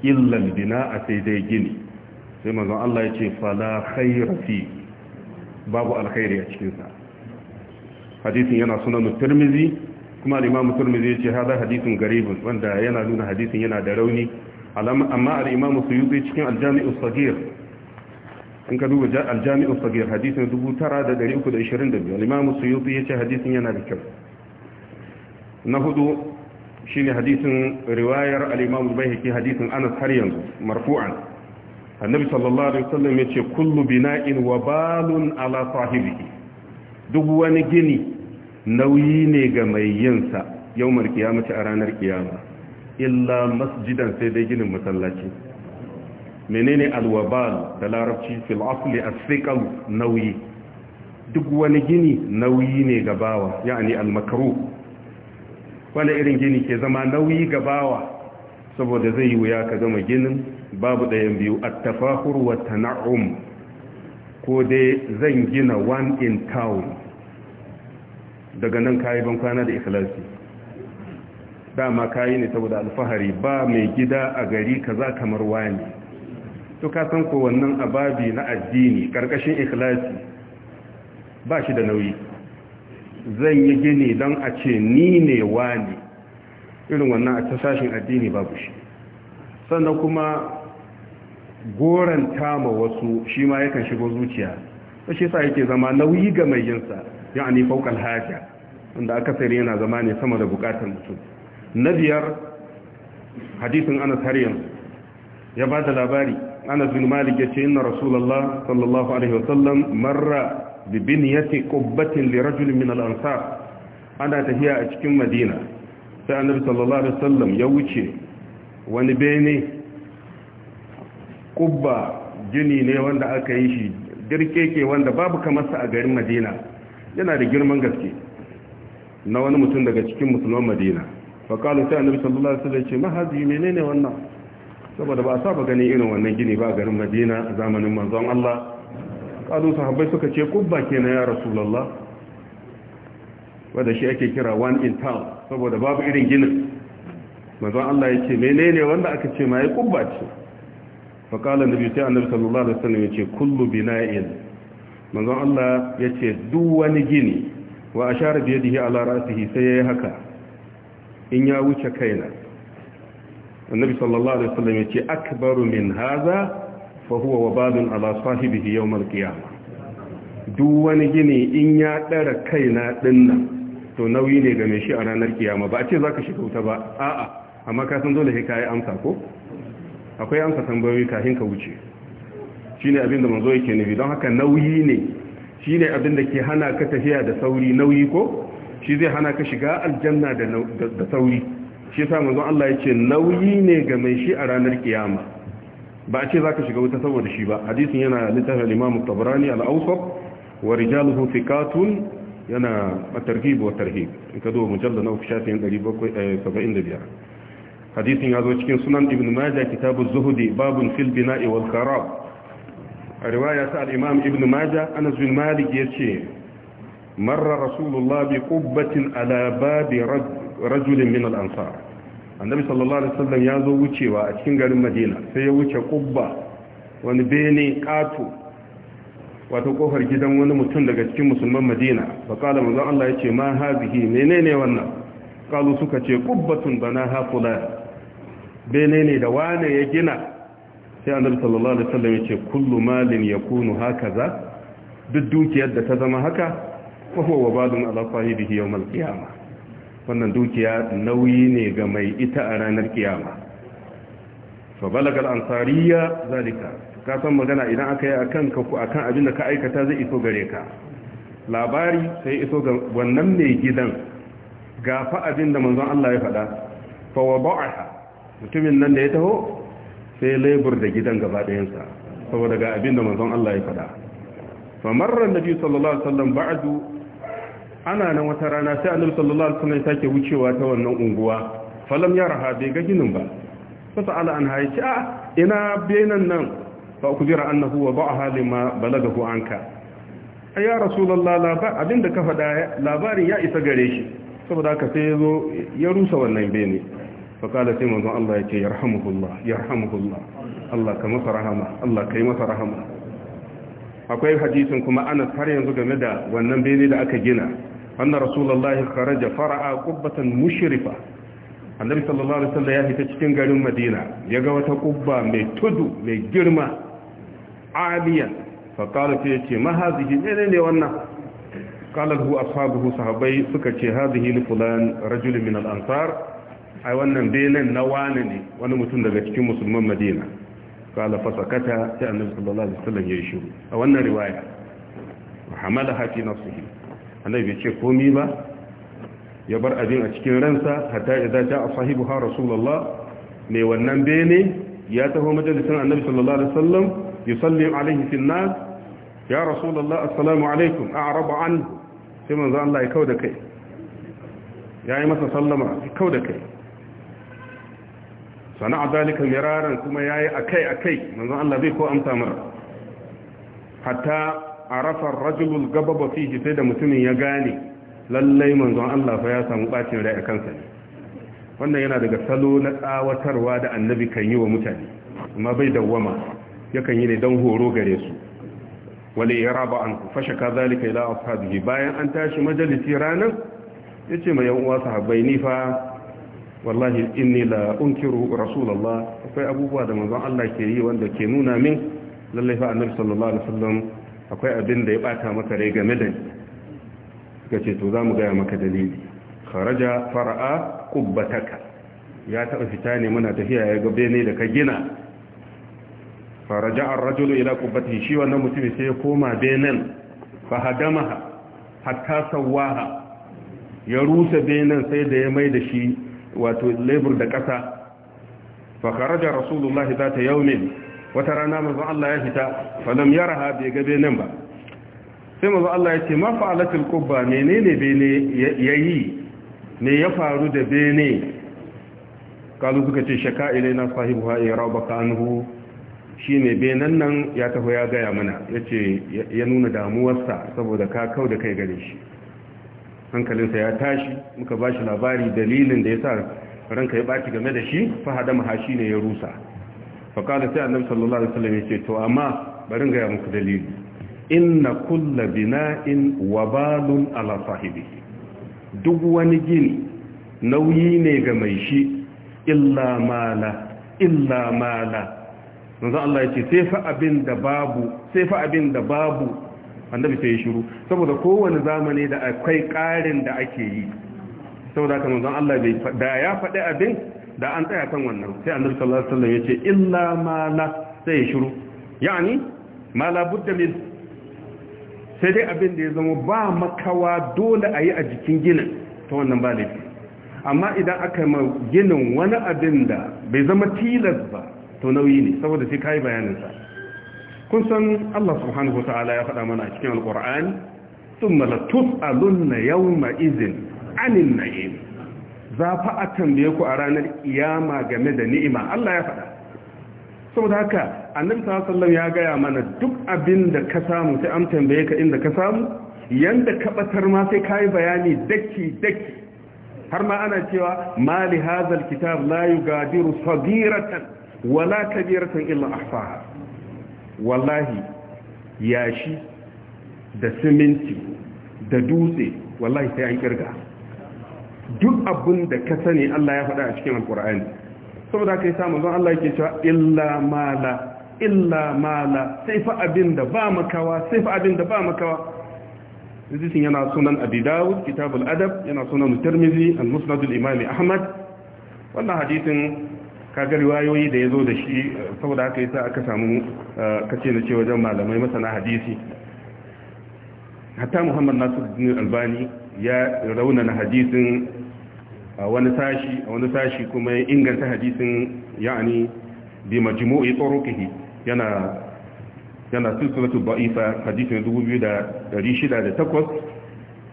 illa a sai dai gini sai manzon Allah ya ce fala khair fi babu alkhairi a cikin sa hadisin yana sunan tirmizi kuma al-imam turmizi ce hada hadithun garibun wanda yana nuna hadisin yana da rauni amma al-imam suyuti cikin al-jami' in ka duba al-jami' as-saghir hadisin 9322 al-imam suyuti yace hadisin yana da kyau na hudu shi ne hadisin riwayar al-imam al-baihaqi hadisin Anas har yanzu marfu'an annabi sallallahu alaihi wasallam yace kullu bina'in wa balun ala sahibihi duk wani gini nauyi ne ga mai yinsa yawmar mace a ranar kiyama illa masjidan sai dai ginin masallaci menene alwabal da larabci fil asli as nauyi duk wani gini nauyi ne ga bawa yani al-makruh wani irin gini ke zama nauyi ga bawa saboda zai yi wuya ka gama ginin babu ɗayan biyu a tafahur wa tan'um ko dai zan gina one in town daga nan kayi ban kwana da ikhlasi dama kayi ne saboda alfahari ba mai gida a gari kaza kamar wani to ka san ko wannan ababi na addini karkashin ikhlasi ba shi da nauyi zan yi gini don a ce ni ne wani irin wannan a ta sashin addini babu shi sannan kuma goranta ma wasu shi ma yakan shigo zuciya shi sa yake zama nauyi ga mai yinsa yani fawqal haja wanda akasari yana zama ne sama da bukatar mutum na biyar hadisin Anas har yanzu ya bada labari Anas bin Malik yace inna rasulallah sallallahu alaihi wasallam marra bi binyati qubbatin li rajulin min al ana tafiya a cikin Madina sai Annabi sallallahu alaihi wasallam ya wuce wani bene kubba jini ne wanda aka yi shi girkeke wanda babu kamarsa a garin Madina yana da girman gaske na wani mutum daga cikin musulman madina faƙalu sai annabi sallallahu alaihi wasallam ce mahazi menene wannan saboda ba a saba ganin irin wannan gini ba garin madina a zamanin manzon Allah ƙalu sahabbai suka ce kubba kenan ya rasulullah wanda shi ake kira one in town saboda babu irin ginin manzon Allah ya ce menene wanda aka ce ma ya kubba ce faƙalan da sai annabi sallallahu alaihi wasallam ya ce kullu bina'in manzon Allah ya ce duk wani gini wa a share biye da ala rasihi sai ya yi haka in ya wuce kaina annabi sallallahu alaihi wasallam ya ce akbaru min haza fa huwa wabalun ala sahibihi yawmal qiyamah duk wani gini in ya dara kaina dinnan to nauyi ne ga mai shi a ranar kiyama ba a ce zaka shiga wuta ba a'a amma ka san dole sai kai amsa ko akwai amsa tambayoyi kafin ka wuce shine abin da manzo yake nufi don haka nauyi ne shine abin da ke hana ka tafiya da sauri nauyi ko shi zai hana ka shiga aljanna da sauri shi yasa manzo Allah ya ce nauyi ne ga mai shi a ranar kiyama ba a ce zaka shiga wuta saboda shi ba hadisin yana littafin Imam Tabarani al-Awsat wa rijaluhu thiqatun yana at-targhib wa tarhib in ka duba mujallad na eh, biyar. hadisin ya zo cikin sunan Ibn maja kitabuz zuhdi babun fil bina'i wal riwaya ta al-imam ibn maja anas bin malik yace marra rasulullah bi qubbatin ala babi rajulin min al-ansar annabi sallallahu alaihi wasallam ya zo wucewa a cikin garin madina sai ya wuce qubba wani bene katu wato kofar gidan wani mutum daga cikin musulman madina fa kala manzon Allah yace ma hazihi menene wannan kalu suka ce qubbatun banaha fulan bene ne da wane ya gina sai annabi sallallahu alaihi wasallam yace kullu malin yakunu hakaza duk dukiyar da ta zama haka fa huwa wabalun ala sahibihi yawm al-qiyamah wannan dukiya nauyi ne ga mai ita a ranar kiyama fa balaga al-ansariya zalika ka san magana idan aka yi akan ka ku akan abin da ka aikata zai iso gare ka labari sai iso ga wannan ne gidan gafa abin da manzon Allah ya faɗa fa wada'aha mutumin nan da ya taho sai lebur da gidan gaba ɗayansa saboda ga abin da manzon Allah ya faɗa famarar nabi sallallahu alaihi wasallam ba'du ana nan wata rana sai annabi sallallahu alaihi wasallam ya take wucewa ta wannan unguwa falam raha bai ga ginin ba fasa ala an haici a ah, ina benan nan fa ku jira annahu wa ba'aha lima balagahu anka ya ba abin abinda ka faɗa labarin ya isa gare shi saboda haka sai ya zo ya rusa wannan bene faƙala sai manzon Allah ya ce ya yarhamuhullah Allah ka masa rahama Allah ka yi masa rahama akwai hadisin kuma anas har yanzu game da wannan bene da aka gina anna rasulullahi kharaja fara'a qubbatan mushrifa annabi sallallahu alaihi wasallam ya fita cikin garin madina ya ga wata kubba mai tudu mai girma aliyan fa sai fi yace ma hadhihi ne ne wannan qala hu ashabuhu sahabbai suka ce hadhihi li fulan rajul min al ansar ai wannan benen na wani ne wani mutum daga cikin musulman madina kala fasakata sai annabi sallallahu alaihi wasallam ya shiru a wannan riwaya hamala hafi nafsihi annabi bai ce komi ba ya bar abin a cikin ransa hatta idza jaa sahibuha rasulullah ne wannan bene ya taho majalisin annabi sallallahu alaihi wasallam yusalli alaihi fil nas ya rasulullah assalamu alaikum a'raba anhu sai manzo Allah ya kauda kai yi masa sallama kauda kai sana'a zalika miraran kuma yayi a kai manzon Allah zai ko amsa mar hatta arafa ar-rajulu al-gababa sai da mutumin ya gane lallai manzon Allah fa ya samu bacin rai a kansa ne wannan yana daga salo na tsawatarwa da annabi kan yi wa mutane amma bai dawwama yakan yi ne don horo gare su wale ya raba an fashe ka zalika ila ashabihi bayan an tashi majalisi ranar yace mai yan uwa sahabbai ni fa wallahi inni la unkiru rasulullah akwai abubuwa da manzon Allah ke yi wanda ke nuna min lallai fa annabi sallallahu alaihi wasallam akwai abin da ya bata maka rai game da ni kace to zamu ga maka dalili kharaja fara'a qubbataka ya taba fita ne muna tafiya ya ga bene da ka gina faraja ar-rajulu ila qubbatihi shi wannan mutum sai ya koma benen fa hadamaha hatta sawaha ya rusa benen sai da ya mai da shi wato lebur da ƙasa fakaraja rasulullah za ta yaumin wata rana mazan Allah ya fita falam ya raha bai gabe nan ba sai manzo Allah ya ce ma fa'alatul kubba menene bene ya yi ne ya faru da bene kalu suka ce shaka na sahibu ha iya rabaka anhu shi ne benen nan ya taho ya gaya mana yace ya nuna damuwarsa saboda ka kau da kai gare shi hankalinsa ya tashi muka ba shi labari dalilin da ya sa ranka ya ɓaci game da shi fahada mahashi ne ya rusa faƙada sai annabi sallallahu alaihi wasallam ya ce to amma bari ga muku dalili inna kulla bina'in wabalun ala sahibihi duk wani gini nauyi ne ga mai shi illa mala illa mala manzo ya ce sai fa abin da babu sai fa abin da babu annabi sai ya shiru saboda kowane zamani da akwai ƙarin da ake yi saboda haka zan Allah bai da ya faɗi abin da an tsaya kan wannan sai annabi sallallahu alaihi wasallam ya ce illa ma la sai ya shiru yani ma la budda min sai dai abin da ya zama ba makawa dole a yi a jikin ginin ta wannan ba laifi amma idan aka ma ginin wani abin da bai zama tilas ba to nauyi ne saboda sai kai bayanin sa kun san Allah subhanahu wa ya faɗa mana a cikin alqur'ani thumma latus'alunna yau maizin 'anil na'im za fa a tambaye ku a ranar iyama game da ni'ima Allah ya faɗa saboda haka annabi sallallahu ya gaya mana duk abin da ka samu sai an tambaye ka inda ka samu yanda ka batar ma sai yi bayani daki daki har ma ana cewa mali hadha kitab layu, gadiru, saghiratan wala kabiratan illa ahsaha wallahi yashi da siminti da dutse wallahi sai an kirga duk abin da ka sani Allah ya faɗa a cikin alkur'ani saboda kai sa zan Allah yake cewa illa mala illa mala sai fa abin da ba makawa sai fa abin da ba makawa hadisin yana sunan abi dawud kitabul adab yana sunan tirmizi al-musnad al-imam ahmad wannan hadisin kaga riwayoyi da yazo da shi saboda haka yasa aka samu eh, kace na ce wajen malamai masana hadisi hatta muhammad nasiruddin albani ya raunana hadisin a wani sashi a wani sashi kuma ya inganta hadisin ya'ani bi majmu'i turuqihi yana yana silsilatu da'ifa hadisin 2608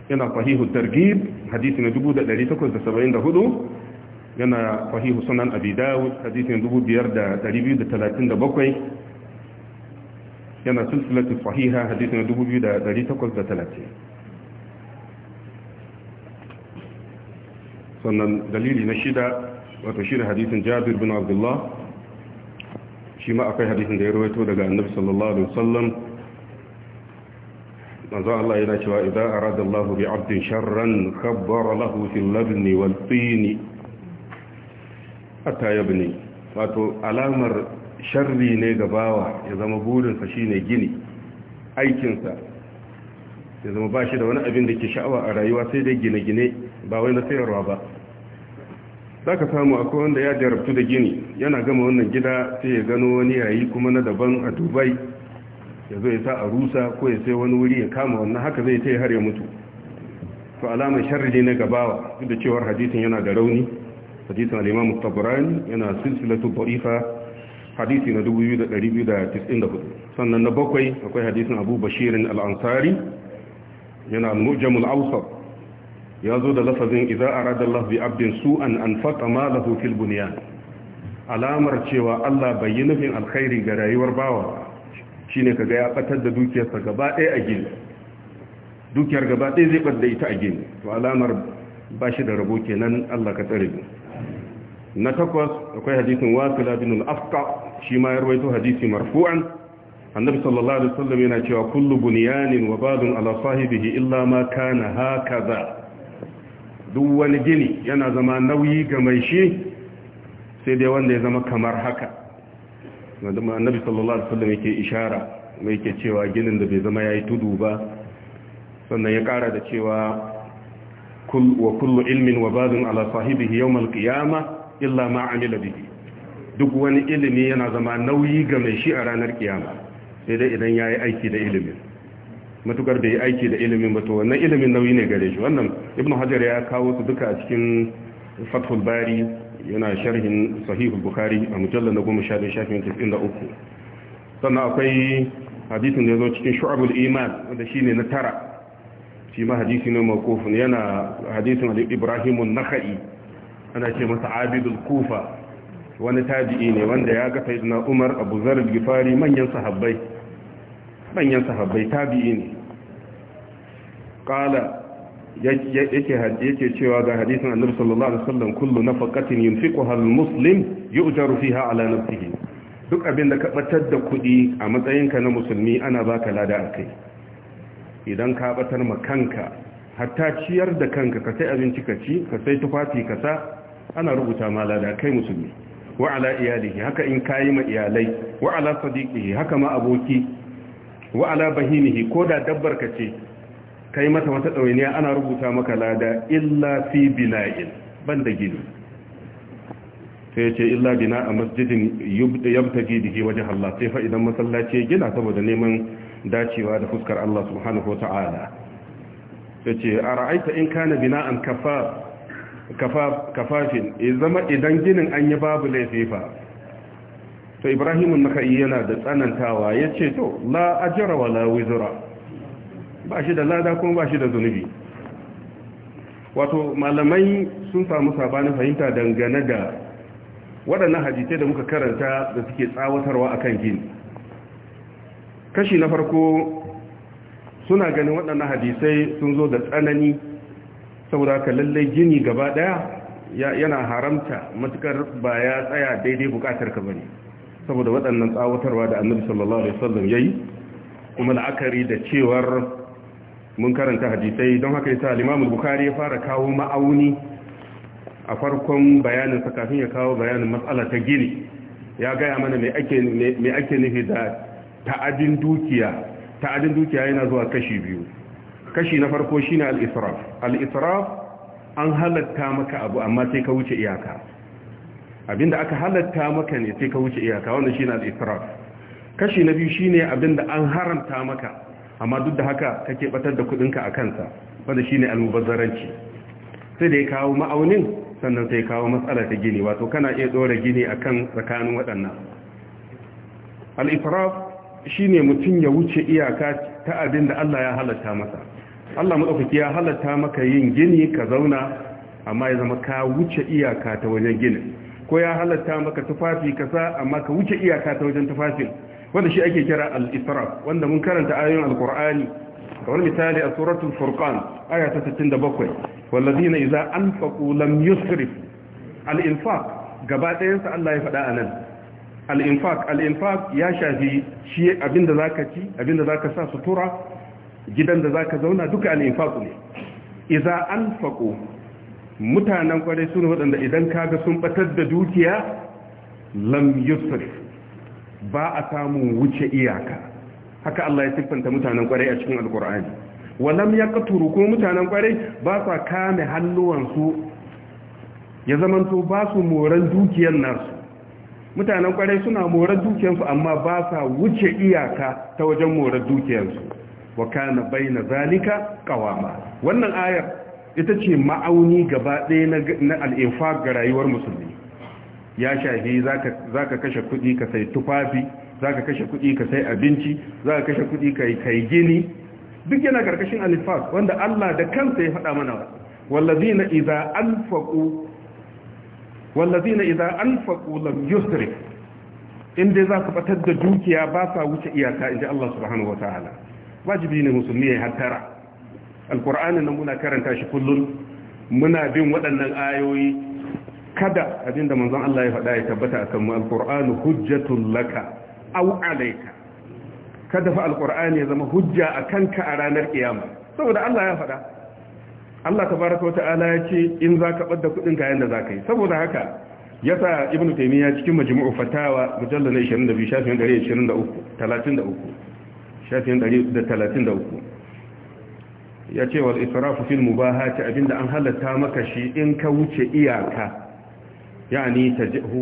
yana sahihu targhib hadisin 2874 yana sahihu sunan abi dawud hadisin 2237 yana silsilatu sahiha hadisi na 2830 sannan dalili na shida wato shida hadisin jabir bin abdullah shi ma akwai hadisin da ya rawaito daga annabi sallallahu alaihi wasallam manzo Allah yana cewa idan arada Allah bi 'abdin sharran khabbara lahu fil labni wal tin hatta yabni wato alamar sharri ne ga bawa ya zama burinsa shine gini aikinsa ya zama ba shi da wani abin da ke sha'awa a rayuwa sai dai gine-gine ba wai na sayarwa ba za ka samu akwai wanda ya jarabtu da gini yana gama wannan gida sai ya gano wani yayi kuma na daban a dubai ya zo ya sa a rusa ko ya sai wani wuri ya kama wannan haka zai ta har ya mutu to alamar sharri ne na gabawa duk da cewar hadisin yana da rauni hadisin al-imam tabarani yana silsilatu dha'ifa hadisi na 2294 sannan na bakwai akwai hadisin abu bashirin al'ansari yana mujamul ausar ya zo da lafazin iza a radallah bi abdin su'an an fata ma lahu Buniya alamar cewa allah bai yi nufin alkhairi ga rayuwar bawa shine kaga ya batar da dukiyarsa gaba ɗaya a gini dukiyar gaba ɗaya zai ɓadda ita a gini to alamar ba shi da rabo kenan allah ka tsare na takwas akwai hadisin wasila bin al-afqa shi ma ya rawaito hadisi marfu'an annabi sallallahu alaihi wasallam yana cewa kullu bunyanin wa badun ala sahibihi illa ma kana hakaza duk wani gini yana zama nauyi ga mai shi sai dai wanda ya zama kamar haka wanda annabi sallallahu alaihi wasallam yake ishara mai yake cewa ginin da bai zama yayi tudu ba sannan ya kara da cewa wa kullu ilmin wa badun ala sahibihi yawm al-qiyamah illa ma amila bihi duk wani ilimi yana zama nauyi ga mai shi a ranar kiyama sai dai idan yayi aiki da ilimin matukar bai aiki da ilimin ba to wannan ilimin nauyi ne gare shi wannan ibnu hajar ya kawo su duka a cikin fathul bari yana sharhin sahihul bukhari a mujallal na 10 shafin 93 sannan akwai hadisin da ya zo cikin shu'abul iman wanda shine na tara shi ma hadisi ne kofin yana hadisin Ibrahimun an-Nakhai ana ce masa abidul kufa wani tabi'i ne wanda ya ga sayyidina umar abu zar gifari manyan sahabbai tabi'i ne kala yake cewa ga hadisin annabi sallallahu alaihi wasallam kullu nafaqatin yunfiquha almuslim yu'jaru fiha ala nafsihi duk abinda ka batar da kuɗi a matsayinka na musulmi ana baka lada akai idan ka batar ma kanka hatta ciyar da kanka ka sai abinci ka ci ka sai tufafi ka sa ana rubuta ma lada kai musulmi wa ala iyalihi haka in kayi ma iyalai wa ala sadiqihi haka ma aboki wa ala bahinihi ko da dabbar ka ce kai mata wata dawainiya ana rubuta maka lada illa fi bina'in banda gini sai ce illa bina a masjidin yabtaji dihi wajen Allah sai fa idan masallaci gina saboda neman dacewa da fuskar Allah subhanahu yace sai ce a ra'aita in kana an kafa kafafin ya zama idan ginin an yi babu laififa to ibrahimun naka'i yana da tsanantawa ya ce to la wa la wizura ba shi da lada kuma ba shi da zunubi wato malamai sun samu sabanin fahimta dangane da waɗannan hadisai da muka karanta da suke tsawatarwa a kan gini kashi na farko suna ganin waɗannan hadisai sun zo da tsanani saboda haka lallai gini gaba daya yana haramta matukar ba ya tsaya daidai bukatar ka bane saboda waɗannan tsawatarwa da annabi sallallahu alaihi wasallam yayi kuma la'akari da cewar mun karanta hadisai don haka yasa al-Imam Bukhari ya fara kawo ma'auni a farkon bayanin sa kafin ya kawo bayanin matsalar ta gini ya gaya mana me ake me ake nufi da ta'adin dukiya ta'adin dukiya yana zuwa kashi biyu kashi na farko shine al-israf al an halatta maka abu amma sai ka wuce iyaka abinda aka halatta maka ne sai ka wuce iyaka wannan shine al-israf kashi na biyu shine abinda an haramta maka amma duk da haka kake batar da kudinka a kansa wanda shine al-mubazzaranci sai da ya kawo ma'aunin sannan sai kawo matsala ta gini wato kana iya dora gini akan tsakanin waɗannan al-israf shine mutum ya wuce iyaka ta abinda Allah ya halatta masa Allah maɗaukaki ya halatta maka yin gini ka zauna amma ya zama ka wuce iyaka ta wajen ginin ko ya halatta maka tufafi ka sa amma ka wuce iyaka ta wajen tufafin wanda shi ake kira al-israf wanda mun karanta ayoyin al-qur'ani kamar misali a suratul furqan aya ta 67 wallazina idza anfaqu lam yusrif al-infaq gaba ɗayan sa Allah ya faɗa anan al-infaq al-infaq ya shafi shi abinda zaka ci abinda zaka sa sutura gidan da za ka zauna duka al-infaqu ne an faƙo. mutanen kwarai sune waɗanda idan kaga sun ɓatar da dukiya lam yusuf ba a samun wuce iyaka haka Allah ya siffanta mutanen kwarai a cikin alkur'ani walam yaqturu ko mutanen kwarai ba sa kame hannuwansu ya zamanto ba su moran dukiyar nasu mutanen kwarai suna moran dukiyarsu amma ba sa wuce iyaka ta wajen moran dukiyarsu wa kana baina zalika qawama wannan ayar ita ce ma'auni gaba ɗaya na al'infaq ga rayuwar musulmi ya shafi zaka kashe kuɗi ka sai tufafi zaka kashe kuɗi ka sai abinci zaka kashe kuɗi ka kai gini duk yana karkashin al'infaq wanda Allah da kansa ya faɗa mana wallazina idza anfaqu wallazina idza anfaqu lam yusrif in dai zaka batar da dukiya ba sa wuce iyaka inda Allah subhanahu wataala wajibi ne musulmi ya hantara alkurani nan muna karanta shi kullum muna bin waɗannan ayoyi kada abinda manzon Allah ya faɗa ya tabbata akan mu alkur'ani hujjatul laka aw alayka kada fa alkur'ani ya zama hujja akan ka a ranar kiyama saboda Allah ya faɗa Allah tabaraka wa ta'ala ya ce in zaka bada kudin ka yanda zaka yi saboda haka yasa ibnu taymiya cikin majmu'u fatawa mujallal 22 shafin 123 33 shafin 133 ya ce wal israfu fil mubahati abinda an halatta maka shi in ka wuce iyaka yani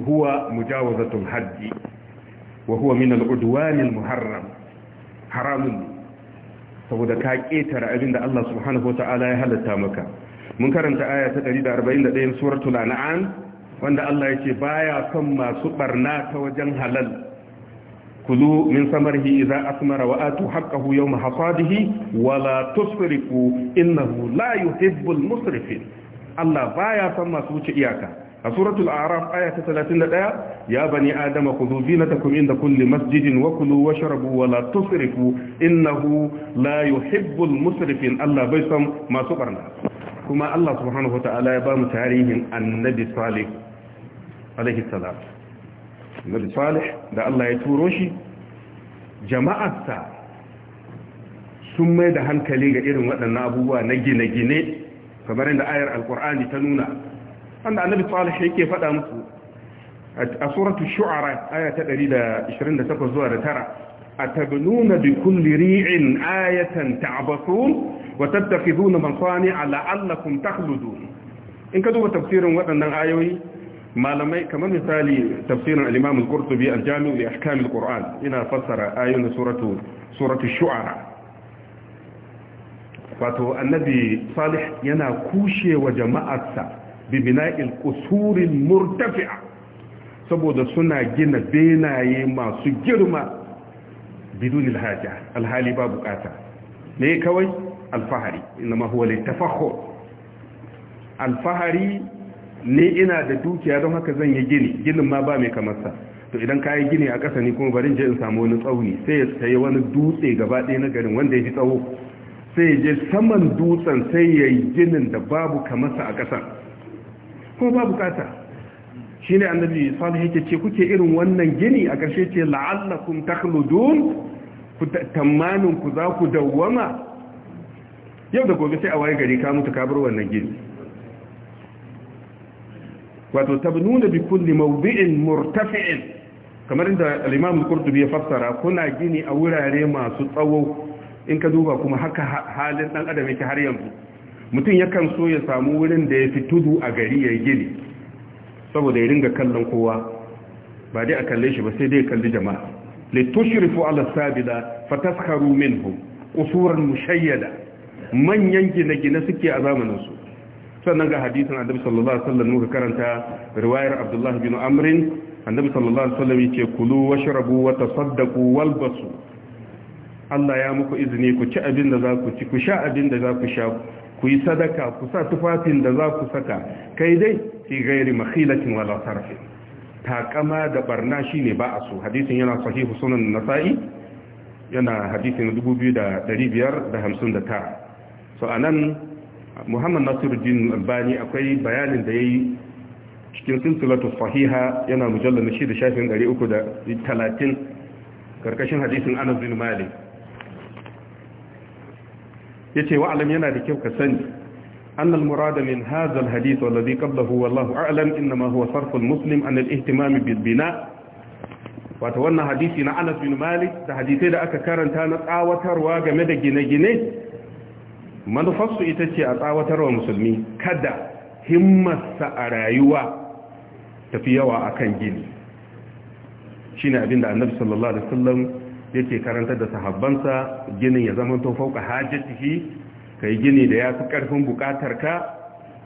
huwa mujawazatul haddi wa huwa min al-udwan muharram haramun saboda ka ketare abinda Allah subhanahu wataala ya halatta maka mun karanta aya ta 141 suratul an'am wanda Allah yake baya son masu barna ta wajen halal kulu min samarhi idza asmara wa atu haqqahu yawma hasadihi wa la tusrifu innahu la yuhibbul musrifin Allah baya son masu wuce iyaka a suratul a'raf aya ta ɗaya ya bani adama khudhu zinatakum inda kulli masjidin wa kulu washrabu wa la tusrifu innahu la yuhibbul musrifin Allah bai son masu barna kuma Allah subhanahu wa ta'ala ya ba mu tarihin annabi salih alaihi salih da Allah ya turo shi jama'arsa sun mai da hankali ga irin waɗannan abubuwa na gine-gine kamar yadda ayar alkur'ani ta nuna wanda annabi salih yake faɗa musu a suratu shu'ara aya ta 128 zuwa da tara ayatan بكل ريع آية تعبثون وتتخذون مصانع لعلكم in ka duba tafsirin waɗannan ayoyi. malamai kamar misali tafsirin al-imam al-qurtubi al-jami' li ahkam al-qur'an ina fassara ayoyin suratu suratu shu'ara wato annabi salih yana kushe wa jama'arsa bi bina'il qusuril murtafi'a saboda suna gina benaye masu girma bidunil haja alhali ba bukata ne kawai alfahari inma huwa litafakhur alfahari ni ina da dukiya don haka zan yi gini ginin ma ba mai kamarsa to idan ka yi gini a ƙasa ni kuma barin je in samu wani tsauni sai ya sayi wani dutse gaba ɗaya na garin wanda ya fi tsawo sai ya je saman dutsen sai ya yi ginin da babu kamarsa a ƙasa kuma ba bukata shi ne annabi salihu ya ce kuke irin wannan gini a ƙarshe ce la'allakum takhludun ku tamanin ku za ku dawwama yau da gobe sai a waye gari ka mutu ka bar wannan gini wato tabnuna bi kulli mawdi'in murtafi'in kamar inda al-Imam al-Qurtubi ya fassara kuna gini a wurare masu tsawo in ka duba kuma haka halin dan adam yake har yanzu mutum yakan so ya samu wurin da ya fi tudu a gari ya gini saboda ya ringa kallon kowa ba dai a kalle shi ba sai dai kalli jama'a tushrifu ala sabida fataskharu minhu usuran mushayyada manyan gine-gine suke a zamanin su. sannan ga hadisin annabi sallallahu alaihi wasallam muka karanta riwayar abdullah bin amrin annabi sallallahu alaihi wasallam yace kulu washrabu wa tasaddaqu walbasu Allah ya muku izini ku ci abin da za ku ci ku sha abin da za ku sha ku yi sadaka ku sa tufafin da za ku saka kai dai fi gairi makhilatin wala sarfin takama da barna shine ba a so hadisin yana sahihu sunan nasa'i yana hadisin 2559 so anan muhammad nasiruddin albani akwai bayanin da ya yi cikin silsilatu fahiha yana mujallar na shida shafin 330 karkashin hadisin anas bin malik ya ce wa'alam yana da kyau ka sani an al-murada min hadha al-hadith alladhi qablahu wallahu a'lam inma huwa sarf muslim an al-ihtimam bil bina wannan hadisi na Anas bin Malik da hadisai da aka karanta na tsawatarwa game da gine-gine manufarsu ita ce a tsawatarwa musulmi kada himmarsa a rayuwa tafi yawa a kan gini shi ne abinda annabi sallallahu alaihi wasallam yake karantar da sahabbansa ginin ya zama to fauka hajjatihi kai gini da ya fi karfin bukatarka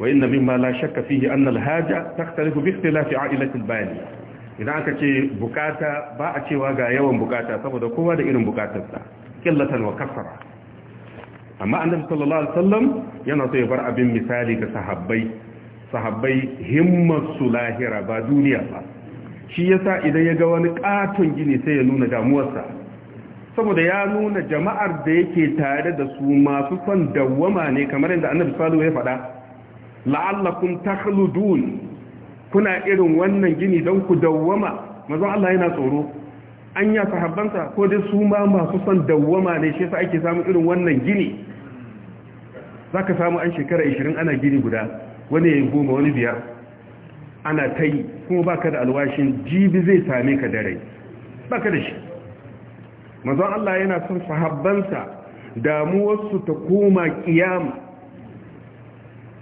wa inna mimma la shakka fihi anna al-haja takhtalifu bi ikhtilafi a'ilati al-bali idan aka ce bukata ba a cewa ga yawan bukata saboda kowa da irin bukatarsa qillatan wa kasara amma annabi sallallahu alaihi wasallam yana so ya bar abin misali ga sahabbai sahabbai su lahira ba duniya ba shi yasa idan ya ga wani katon gini sai ya nuna damuwarsa saboda ya nuna jama'ar da yake tare da su masu son dawwama ne kamar yadda annabi wasallam ya faɗa la'allakum takhludun kuna irin wannan gini don ku dawwama manzo Allah yana tsoro anya sahabbansa ko dai su ma masu son dawwama ne shi yasa ake samu irin wannan gini za ka samu an shekara 20 ana gini guda wani ya yi goma wani biyar ana ta yi kuma ba ka da alwashin jibi zai same ka dare ba ka da shi mazan Allah yana son sahabbansa damuwarsu ta koma kiyama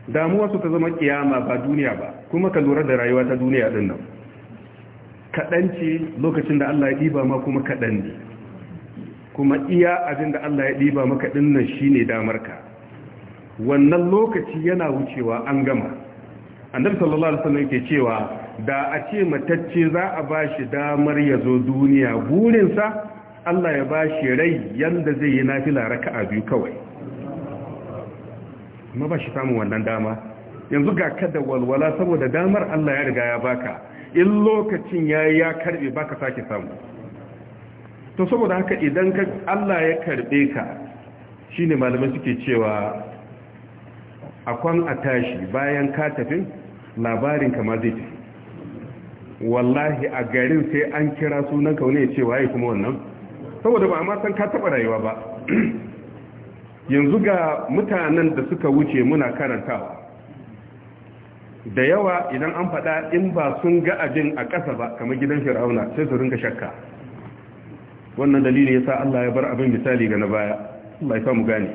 damuwarsu ta zama kiyama ba duniya ba kuma ka lura da rayuwa ta duniya din nan kaɗan lokacin da Allah ya ɗiba ma kuma kaɗan ne kuma iya abin da Allah ya ɗiba maka ɗin nan shi ne damarka wannan lokaci yana wucewa an gama annabi sallallahu alaihi wasallam yake cewa da a ce matacce za a bashi damar ya zo duniya burinsa Allah ya bashi rai yanda zai yi nafila raka'a biyu kawai amma ba shi samun wannan dama yanzu ga kada walwala saboda damar Allah ya riga ya baka in lokacin yayi ya karbe baka sake samu to saboda haka idan Allah ya karbe ka shine malamai suke cewa akwan a tashi bayan ka tafi labarin kama zai tafi wallahi a garin sai an kira sunan ka ya ce waye kuma wannan saboda ba amma san ka taba rayuwa ba [clears throat] yanzu ga mutanen da suka wuce muna karanta. da yawa idan an faɗa in ba sun ga abin a ƙasa ba kamar gidan fir'auna sai su rinka shakka wannan dalili yasa Allah ya bar abin misali ga na baya Allah ya samu gane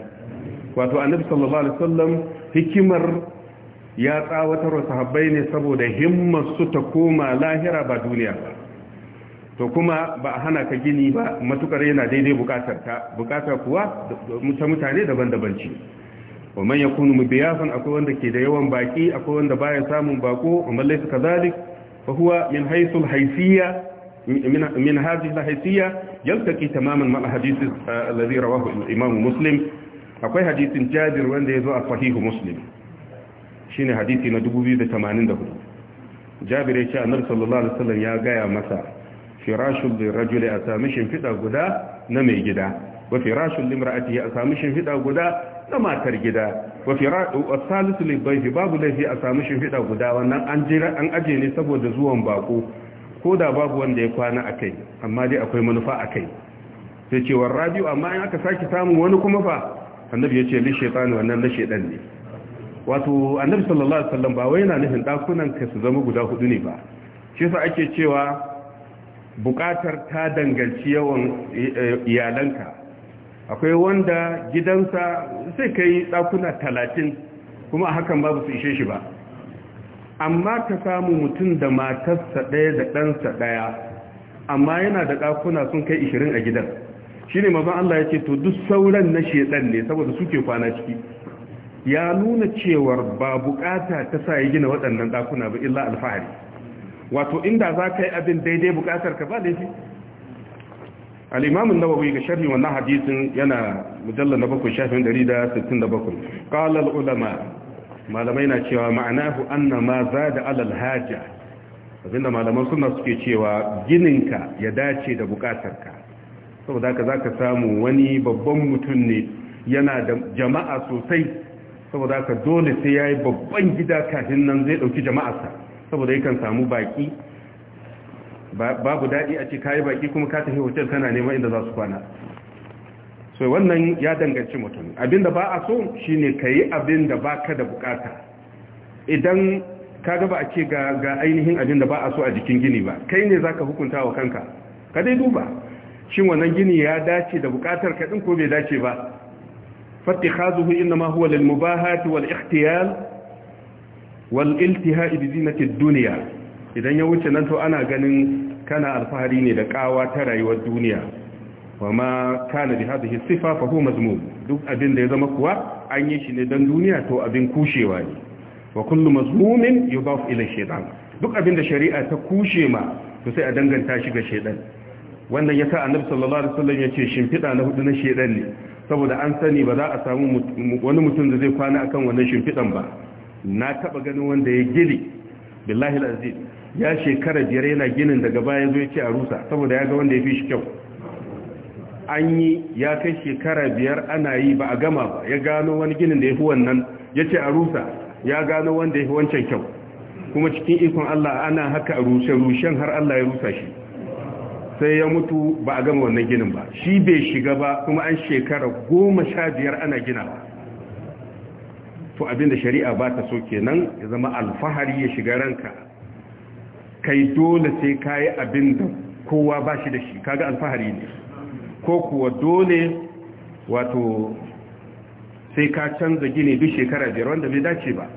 wato annabi sallallahu alaihi wasallam hikimar ya tsawatar wa sahabbai ne saboda himmarsu ta koma lahira ba duniya to kuma ba a hana ka gini ba matukar yana daidai bukatar ta kuwa ta mutane daban-daban ce wa man yakunu mubiyafan akwai wanda ke da yawan baki akwai wanda baya samun bako amma laysa kadhalik fa huwa min haythu al-hayfiyya min hadhihi al-hayfiyya yaltaqi tamaman ma al-hadith alladhi rawahu imam muslim akwai hadisin jabir wanda ya zo a sahihu muslim shine hadisi na 2084 jabir ya ce annabi sallallahu alaihi wasallam ya gaya masa firashul lirajuli a sami fida guda na mai gida wa firashul limra'ati a sami fida guda na matar gida wa salisu libaifi babu laifi a sami shimfiɗa guda wannan an jira an aje ne saboda zuwan bako ko da babu wanda ya kwana a kai amma dai akwai manufa a kai sai ce rabi'u amma in aka sake samun wani kuma fa annabi ya ce li shaitan wannan na shaitan ne wato annabi sallallahu alaihi wasallam ba wai yana nufin dakunan ka su zama guda hudu ne ba shi yasa ake cewa buƙatar ta danganci yawan eh, iyalanka akwai wanda gidansa sai kai dakuna talatin, kuma hakan ba su ishe shi ba amma ka samu mutum da matarsa ɗaya da ɗansa ɗaya amma yana da ɗakuna sun kai 20 a gidan shine mazan Allah ya ce to duk sauran na shedan ne saboda suke kwana ciki ya nuna cewar ba bukata ta sa ya gina waɗannan ɗakuna ba illa alfahari wato inda za ka yi abin daidai bukatar ka ba laifi al'imamun nawawi ga sharhi wannan hadisin yana mujallar na bakwai shafin 167 ƙalal ulama malamai na cewa ma'anahu anna ma za da alal haja abinda malaman suna suke cewa gininka ya dace da bukatarka saboda haka zaka samu wani babban mutum ne yana da jama'a sosai saboda haka dole sai yayi babban gida kafin nan zai dauki jama'arsa saboda yakan samu baki babu daɗi a ce kai baki kuma ka tafi hotel kana neman inda za su kwana so wannan ya danganci mutum abinda ba a so shine kai abinda baka da bukata idan kaga ba a ce ga ainihin abinda ba a so a jikin gini ba kai ne zaka hukunta wa kanka ka dai duba shin wannan gini ya dace da bukatar ka ko bai dace ba fattikhazuhu inma huwa lil wal ikhtiyal wal iltihai bi zinati dunya idan ya wuce nan to ana ganin kana alfahari ne da kawa ta rayuwar duniya kuma kana bi hadhihi sifa fa huwa mazmum duk abin da ya zama kuwa an yi shi ne dan duniya to abin kushewa ne wa kullu mazmumin yudaf ila shaytan duk abin da shari'a ta kushe ma to sai a danganta shi ga shaytan wannan sa annabi sallallahu alaihi wasallam yace shimfida na hudu na shedan ne saboda an sani ba za a samu wani mutum da zai kwana akan wannan shimfidan ba na taba ganin wanda ya gili billahi alaziz ya shekara biyar yana ginin daga baya zo ce a rusa saboda ya ga wanda ya fi shi kyau an yi ya kai shekara biyar ana yi ba a gama ba ya gano wani ginin da ya fi wannan ce a rusa ya gano wanda ya fi wancan kyau kuma cikin ikon Allah ana haka a rushe rushen har Allah ya rusa shi sai ya mutu ba a gama wannan ginin ba shi bai shiga ba kuma an shekara goma sha biyar ana gina ba to abinda shari'a ba ta so kenan ya zama alfahari ya shiga ranka kai dole sai ka yi abin da kowa ba shi da shi kaga alfahari ne ko kuwa dole wato sai ka canza gini duk shekara biyar wanda bai dace ba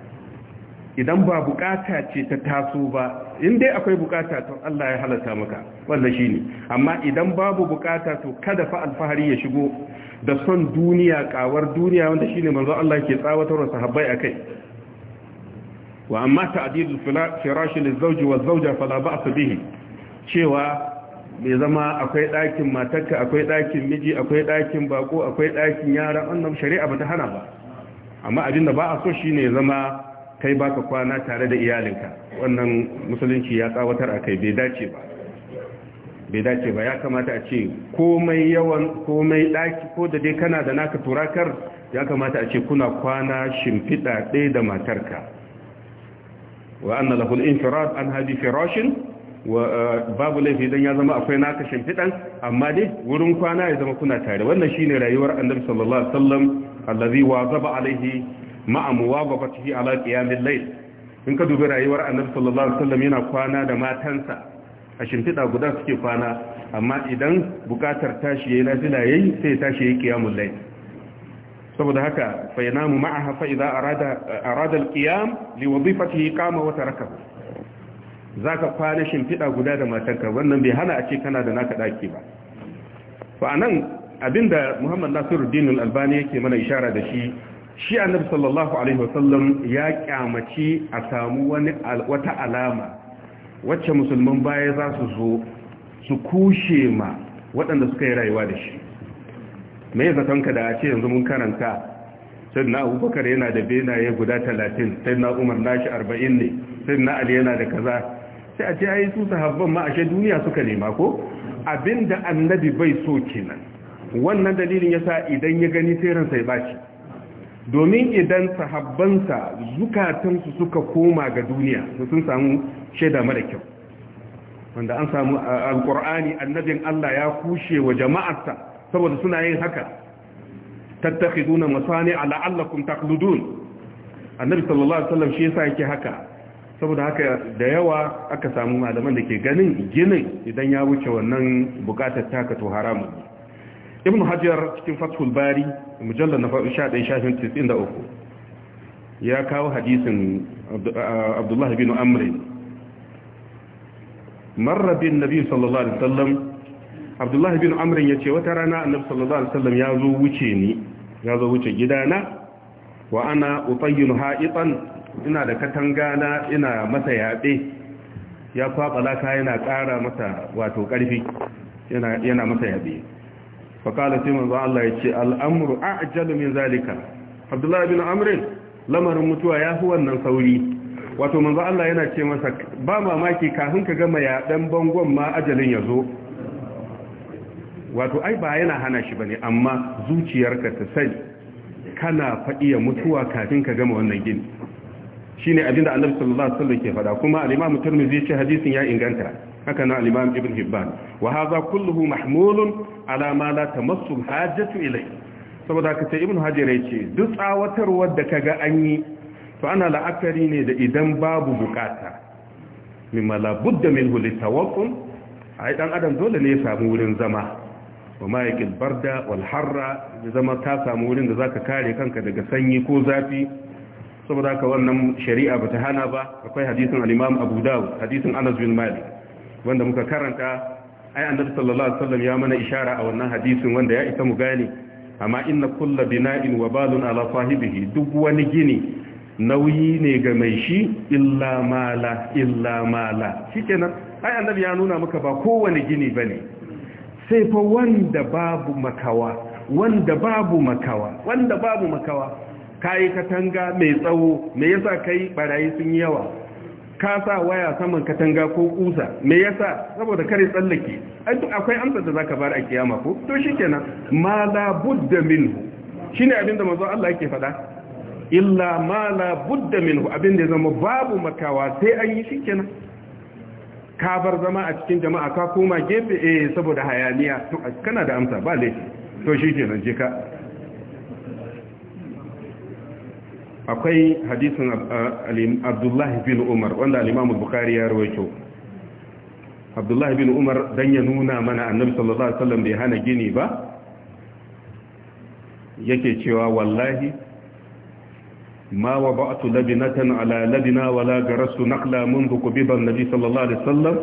idan ba bukata ce ta taso ba in dai akwai bukata to Allah ya halatta maka shi shine amma idan babu bukata to kada fa alfahari ya shigo da son duniya kawar duniya wanda shine manzo Allah ke tsawatar sahabbai akai wa amma ta'dil firash lizawji wa zawja fala ba'th bihi cewa bai zama akwai ɗakin matarka akwai ɗakin miji akwai ɗakin bako akwai ɗakin yara wannan shari'a ba ta hana ba amma abinda ba a so shine ya zama kai ba ka kwana tare da iyalinka wannan musulunci ya tsawatar a kai bai dace ba bai dace ba ya kamata a ce komai yawan komai daki ko da dai kana da naka turakar ya kamata a ce kuna kwana shimfiɗa ɗaya da matarka wa anna lahul infirad an hadi firashin wa eh, babu laifi dan ya zama akwai naka shimfiɗan amma dai wurin kwana ya zama kuna tare wannan shine rayuwar annabi sallallahu alaihi wasallam allazi wazaba alaihi ma'a muwaqafatihi ala qiyamil layl in ka dubi rayuwar annabi sallallahu alaihi wasallam yana kwana da matansa a shimfiɗa guda suke kwana amma idan bukatar tashi yayin nafila yayi sai tashi yayi qiyamul layl saboda haka fa yanamu ma'aha fa idza arada arada al-qiyam li wadifatihi qama wa tarakahu zaka kwana shimfiɗa guda da matanka wannan bai hana a ce kana da naka daki ba fa anan abinda Muhammad Nasiruddin Al-Albani yake mana ishara da shi shi annabi sallallahu alaihi wasallam ya kyamaci a samu wani wata alama wacce musulman baya za su zo su kushe ma waɗanda suka yi rayuwa da shi me ya zatonka da a ce yanzu mun karanta sai na abubakar yana da benaye guda talatin sai na umar nashi arba'in ne sai na ali yana da kaza sai a ce ya yi su sahabban ma a shi duniya suka nema ko abinda annabi bai so kenan wannan dalilin yasa idan ya gani sai ransa ya domin idan sahabbansa zukatansu suka koma ga duniya su sun samu shaida mara kyau wanda an samu alkur'ani annabin Allah ya kushe wa jama'arsa saboda suna yin haka tattakhiduna masani'a allakum taqludun annabi sallallahu alaihi wasallam shi yasa yake haka saboda haka da yawa aka samu malaman da ke ganin ginin idan ya wuce wannan bukatar taka to haramun ibn hajjar cikin fathul bari mujallar na faɗi shaɗin shafin 93 ya kawo hadisin abdullahi bin Amri marrabin nabi sallallahu alaihi wasallam abdullahi bin Amri ya ce wata rana annabi sallallahu alaihi wasallam ya zo wuce ni ya zo wuce gidana wa ana utayyinu ha'itan ina da katanga na ina masa yaɓe ya faɓa laka yana ƙara masa wato ƙarfi yana masa yaɓe faƙala sai manzo Allah ya ce a ajalu min zalika abdullahi bin amrin lamarin mutuwa ya fi wannan sauri wato manzo Allah yana ce masa ba mamaki kafin ka gama yaɗan bangon ma ajalin ya zo wato ai ba yana hana shi ba ne amma zuciyarka ta sani kana faɗi ya mutuwa kafin ka gama wannan gini shine abinda annabi sallallahu alaihi wasallam ke faɗa kuma al-imam Tirmidhi ya ce hadisin ya inganta haka na al ibn hibban wa kulluhu mahmulun alama na ta masu hajatu ilai saboda ka ce ibn hajar yace duk tsawatarwar da kaga an yi to ana la'akari ne da idan babu bukata mimma min budda minhu litawaqqul ai dan adam dole ne ya samu wurin zama wa ma ya barda wal harra ya zama ta samu wurin da za ka kare kanka daga sanyi ko zafi saboda haka wannan shari'a bata hana ba akwai hadisin alimam abu dawud hadisin anas bin malik wanda muka karanta ai annabi sallallahu alaihi wasallam ya mana ishara a wannan hadisin wanda ya isa mu gane amma inna kullu bina'in wa balun ala sahibihi duk wani gini nauyi ne ga mai shi illa mala illa mala shikenan ai annabi ya nuna maka ba kowane gini bane sai fa wanda babu makawa wanda babu makawa wanda babu makawa kayi katanga mai tsawo me yasa kai barayi sun yawa ka sa waya saman katanga ko kusa me yasa saboda kare tsallake ai duk akwai amsar da zaka bar a kiyama ko to shikenan ma la budda minhu shine abinda manzo Allah yake faɗa illa ma la budda minhu abinda ya zama babu makawa sai an yi shikenan ka bar zama a cikin jama'a ka koma gefe eh saboda hayaniya to kana da amsa ba laifi to shikenan je ka akwai hadisin uh, abdullahi bin umar wanda alimamu bukari ya rawaito abdullahi bin umar don ya nuna mana annabi sallallahu alaihi wasallam bai hana gini ba yake cewa wallahi ma wa ba'atu labinatan ala labina wala garasu naqla mundu kubiban nabi sallallahu alaihi wasallam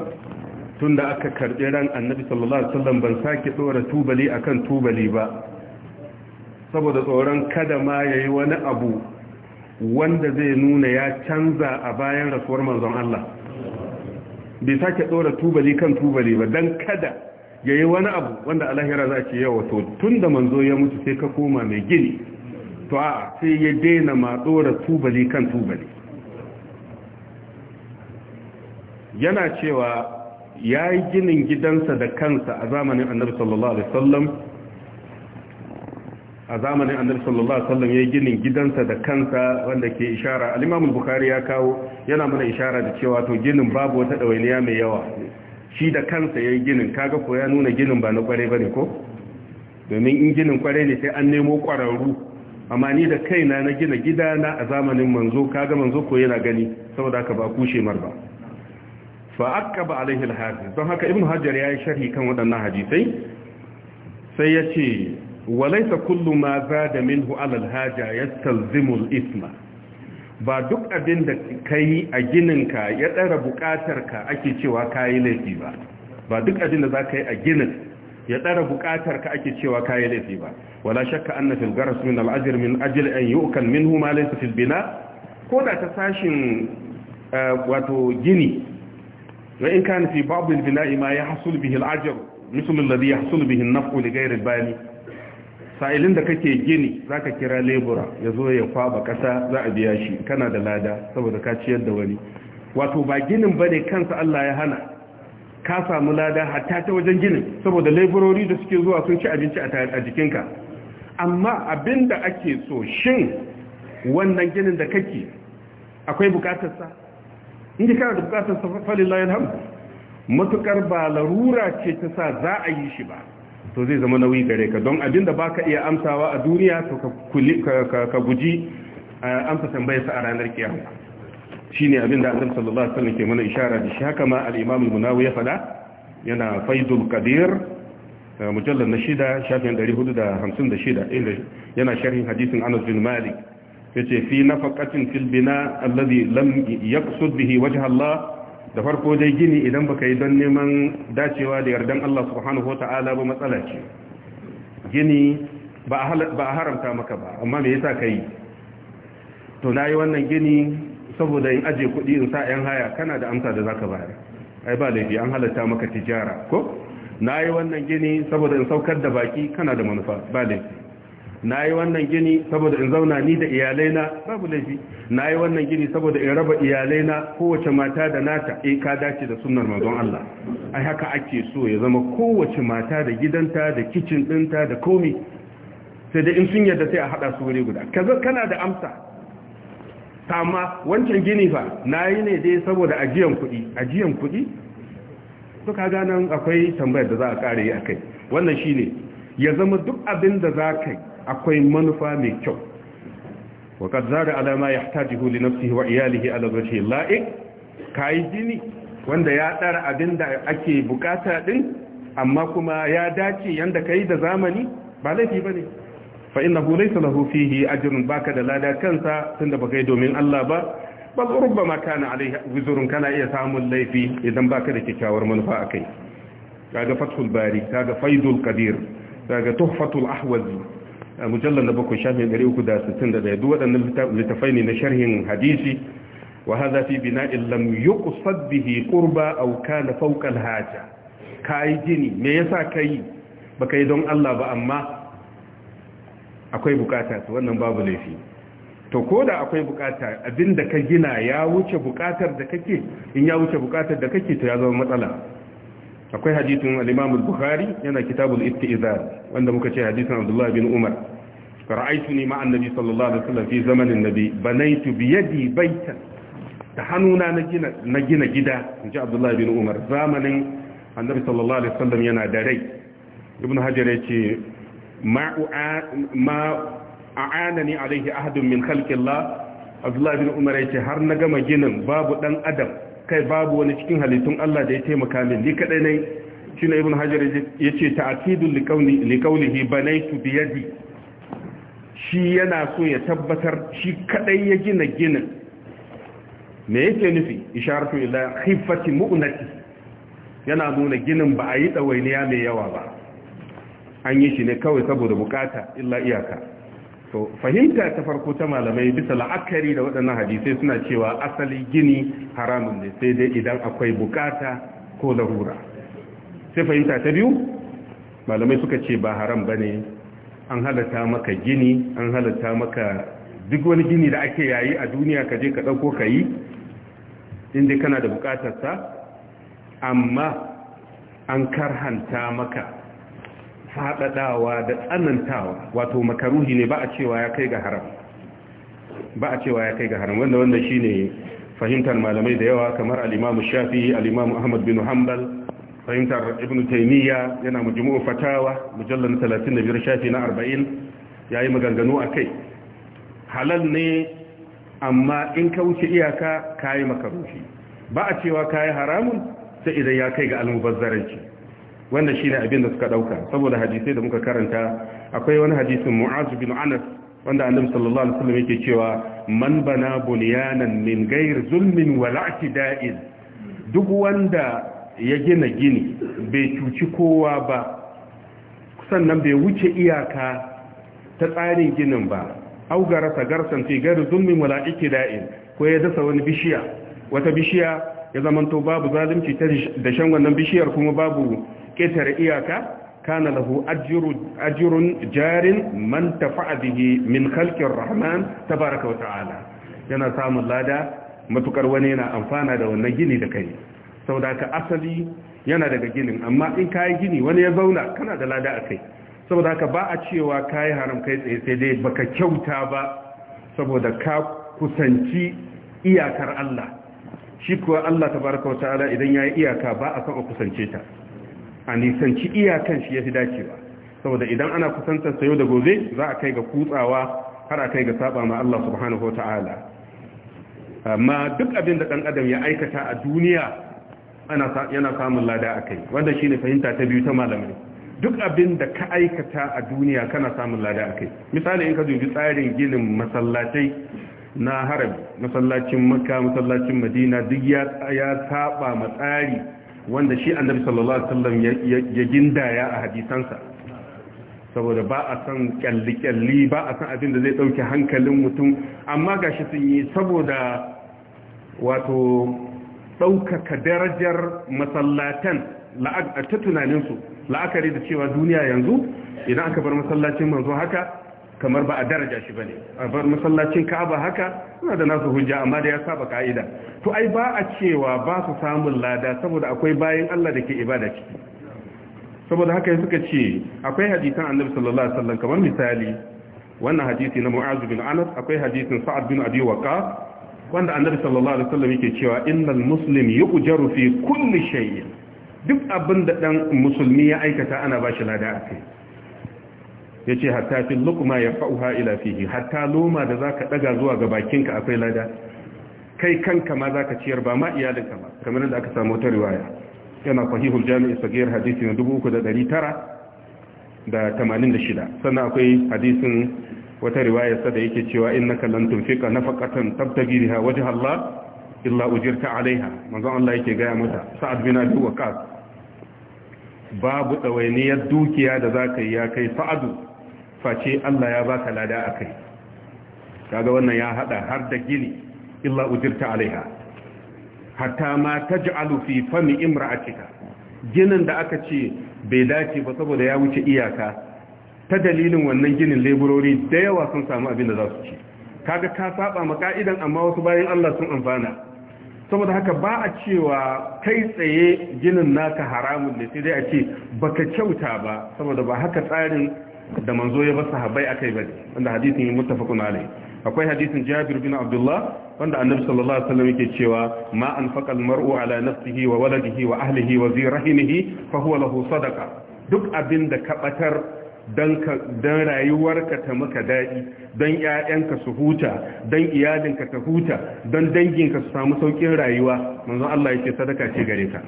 tunda aka karbi ran annabi sallallahu alaihi wasallam ban sake dora tubali akan tubali ba saboda tsoron kada ma yayi wani abu wanda zai nuna ya canza a bayan rasuwar manzon Allah bai sake dora tubali kan tubali ba dan kada ya yi wani abu wanda alahira za ce yawa to tun da manzo ya mutu sai ka koma mai gini to a sai ya daina ma dora tubali kan tubali yana cewa ya yi ginin gidansa da kansa a zamanin annabi sallallahu alaihi wasallam a zamanin annabi sallallahu alaihi wasallam yayin ginin gidansa da kansa wanda ke ishara al-Imam bukhari ya kawo yana mana ishara da cewa to ginin babu wata dawainiya mai yawa shi da kansa yayin ginin kaga ko ya nuna ginin ba na kware bane ko domin in ginin kware ne sai an nemo kwararru amma ni da kaina na gina gidana a zamanin manzo kaga manzo ko yana gani saboda haka ba kushe mar ba fa akaba alaihi al hadith don haka ibnu ya yi sharhi kan waɗannan hadisai sai yace. walaisa kullu ma da minhu alal haja yastalzimul isma ba duk abin da kai a gininka ya tsara bukatarka ake cewa kayi laifi ba ba duk abin da za ka yi a ginin ya tsara bukatarka ake cewa kayi laifi ba wala shakka anna garas min al min ajli an yu'kan minhu ma laysa fil ko da ta sashin eh, wato gini wa in kana fi ba'd al bina'i sa'ilin da kake gini za ka kira lebura ya zo ya kwaba kasa za a biya shi kana da lada saboda ka ciyar da wani wato ba ginin ba ne kansa Allah ya hana ka samu lada hatta ta wajen ginin saboda leburori da suke zuwa sun ci abinci a jikinka amma abin da ake so shin wannan ginin da kake akwai bukatarsa inda kana da bukatarsa falilayen layan hamdu matukar ba larura ce ta sa za a yi shi ba to zai zama nauyi gare ka don abinda baka iya amsawa a duniya to ka guji amsa tambayarsa a ranar kiyama ne abinda Annabi sallallahu alaihi ke mana ishara da shi haka ma al-Imam ya fada yana Faidul Qadir mujallar na shida shafin 456 yana sharhin hadisin Anas bin Malik yace fi nafaqatin fil allazi lam yaqsud bihi wajha da farko dai gini idan baka yi don neman dacewa da yardan Allah subhanahu ta'ala ba matsala ce gini ba a haramta maka ba amma me yasa ka yi to na yi wannan gini saboda in aje kuɗi in sa 'yan haya kana da amsa da za ka bayar ai ba laifi an halatta maka tijara ko na yi wannan gini saboda in saukar da baki kana da manufa ba laifi na yi wannan gini saboda in zauna ni da iyalaina babu laifi na yi wannan gini saboda in raba iyalaina kowace mata da nata e ka dace da sunnar mazon Allah ai haka ake so ya zama kowace mata da gidanta da kicin ɗinta da komi sai da in sun yadda sai a haɗa su wuri guda kaza kana da amsa amma wancan gini fa na yi ne dai saboda ajiyan kuɗi ajiyan kuɗi duka nan akwai tambayar da za a ƙara yi a kai wannan shine ya zama duk abin da za ka akwai manufa mai kyau wa kad alama ya ma yahtajihu li nafsihi wa iyalihi ala wajhi la'iq kai wanda ya abin abinda ake bukata din amma kuma ya dace yanda yi da zamani ba laifi ne fa innahu laysa lahu fihi ajrun baka da lada kansa da baka yi domin Allah ba bal rubbama kana alaihi wuzurun kana iya samun laifi idan baka da kyakkyawar manufa akai kaga fathul bari kaga faidul qadir kaga tuhfatul ahwazi a mujallar da bakwai shafi gari uku da sittin da ɗaya duk waɗannan littafai ne na sharhin hadisi wa haza fi bina'in lam yuqsad bihi ƙurba aw kana fawqa al-haja yi gini me yasa kai baka yi don Allah ba amma akwai bukata to wannan babu laifi to ko da akwai bukata abinda ka gina ya wuce bukatar da kake in ya wuce bukatar da kake to ya zama matsala akwai hadisin al Buhari al-Bukhari yana kitabul istizan wanda muka ce hadisin Abdullahi bin Umar ra'aytuni ma annabi sallallahu alaihi wasallam fi zamanin nabi banaitu bi yadi baitan da hannuna na gina na gina gida inji Abdullah bin Umar zamanin annabi sallallahu alaihi wasallam yana da rai ibn hajar yace ma ma a'anani alaihi ahadun min khalqillah Abdullah bin Umar ce har na gama ginin babu dan adam kai babu wani cikin halittun Allah da ya taimaka min ni kadai ne shi ne ibn hajar ya ce ta'akidun liqawlihi banaytu bi yadi shi yana so ya tabbatar shi kadai ya gina ginin me yake nufi isharatu ila khifati mu'nati yana nuna ginin ba a yi ɗawainiya mai yawa ba an yi shi ne kawai saboda bukata illa iyaka to fahimta ta farko ta malamai bisa la'akari da waɗannan hadisai suna cewa asali gini haramun ne sai dai idan akwai bukata ko larura sai fahimta ta biyu malamai suka ce ba haram ba ne an halatta maka gini an halatta maka duk wani gini da ake yayi a duniya ka je ka ɗauko ka yi inda kana da bukatarsa amma an karhanta maka faɗaɗawa da tsanantawa wato makaruhi ne ba a cewa ya kai ga haram ba a cewa ya kai ga haram wanda wanda shine fahimtar malamai da yawa kamar al-Imam Shafi'i al-Imam Ahmad bin Hanbal fahimtar Ibn Taymiyyah yana majmu'u fatawa mujallal 35 shafi na 40 yayi maganganu akai halal ne amma in ka wuce iyaka kai makaruhi ba a cewa kai haramun sai idan ya kai ga al-mubazzaranci wanda shi ne abin da suka ɗauka saboda hadisai da muka karanta akwai wani hadisin mu'az bin anas wanda annabi sallallahu alaihi wasallam yake cewa man bana bunyanan min ghair zulmin wala i'tida'in duk wanda ya gina gini bai cuci kowa ba sannan bai wuce iyaka ta tsarin ginin ba augara sagarsan fi gari zulmin wala ikida'in ko ya dasa wani bishiya wata bishiya ya zamanto babu zalunci ta dashen wannan bishiyar kuma babu ƙetare iyaka kana lahu ajrun jarin man tafa'a min khalqir rahman tabaaraka wa ta'ala yana samun lada matukar wani yana amfana da wannan gini da kai da aka asali yana daga ginin amma in kayi gini wani ya zauna kana da lada akai saboda ka ba a cewa kayi haram kai tsaye sai dai baka kyauta ba saboda ka kusanci iyakar Allah shi kuwa Allah tabaaraka wa ta'ala idan yayi iyaka ba a san kusance ta a nisanci iyakan shi ya fi dacewa saboda idan ana kusantar sayo da gobe za a kai ga kutsawa har a kai ga saba ma Allah subhanahu wata'ala amma duk abin da dan adam ya aikata a duniya yana samun lada a kai wanda shine fahimta ta biyu ta malamai duk abin da ka aikata a duniya kana samun lada a kai misali in ka dubi tsarin ginin masallatai na harabi masallacin makka masallacin madina duk ya saba ma tsari wanda shi annabi sallallahu alaihi wasallam ya gindaya a hadisansa saboda ba a san kyalli-kyalli ba a san abin da zai dauke hankalin mutum amma gashi sun yi saboda wato ɗaukaka darajar masallatan ta tunaninsu la'akari da cewa duniya yanzu idan aka bar masallacin manzo haka kamar ba a daraja shi ba ne a bar masallacin Ka'aba haka suna da nasu hujja amma da ya saba ka'ida to ai ba a cewa ba su samun lada saboda akwai bayan Allah da ke ibada ciki saboda haka ya suka ce akwai hadisan Annabi sallallahu alaihi wasallam kamar misali wannan hadisi na Mu'az bin Anas akwai hadisin Sa'ad bin Abi Waqqas wanda Annabi sallallahu alaihi wasallam yake cewa innal muslim yujaru fi kulli shay'in duk abin da dan musulmi ya aikata ana ba shi lada a kai yace hatta fil luqma yarfa'uha ila fihi hatta loma da zaka ɗaga zuwa ga bakinka akwai lada kai kanka ma ka ciyar ba ma iyalinka ma kamar da aka samu wata riwaya yana sahihul jami'i sagir hadisi na 3986 sannan akwai hadisin wata riwaya sa da yake cewa innaka lan tunfiqa nafaqatan tabtagi biha waje Allah illa ujirta alaiha manzon Allah yake gaya mata sa'ad bin abi waqas babu dawainiyar dukiya da zaka yi ya kai sa'adu face Allah ya baka lada a kai kaga wannan ya haɗa har da gini illa ujirta alaiha hatta ma taj'alu fi fami imra'atika ginin da aka ce bai dace ba saboda ya wuce iyaka ta dalilin wannan ginin leburori da yawa sun samu abin da za su ci kaga ka saba ma ka'idan amma wasu bayan Allah sun amfana saboda haka ba a cewa kai tsaye ginin naka haramun ne sai dai a ce baka kyauta ba saboda ba haka tsarin da manzo ya bar sahabbai akai bane wanda hadisin muttafaqun alayhi akwai hadisin Jabir bin Abdullah wanda Annabi sallallahu alaihi wasallam yake cewa ma anfaqa almar'u ala nafsihi wa waladihi wa ahlihi wa zirahinihi fa huwa lahu sadaqa duk abinda ka batar dan ka dan rayuwarka ta maka dadi dan ƴaƴanka su huta dan iyalinka ta huta dan danginka su samu saukin rayuwa manzo Allah yake sadaka ce gare ka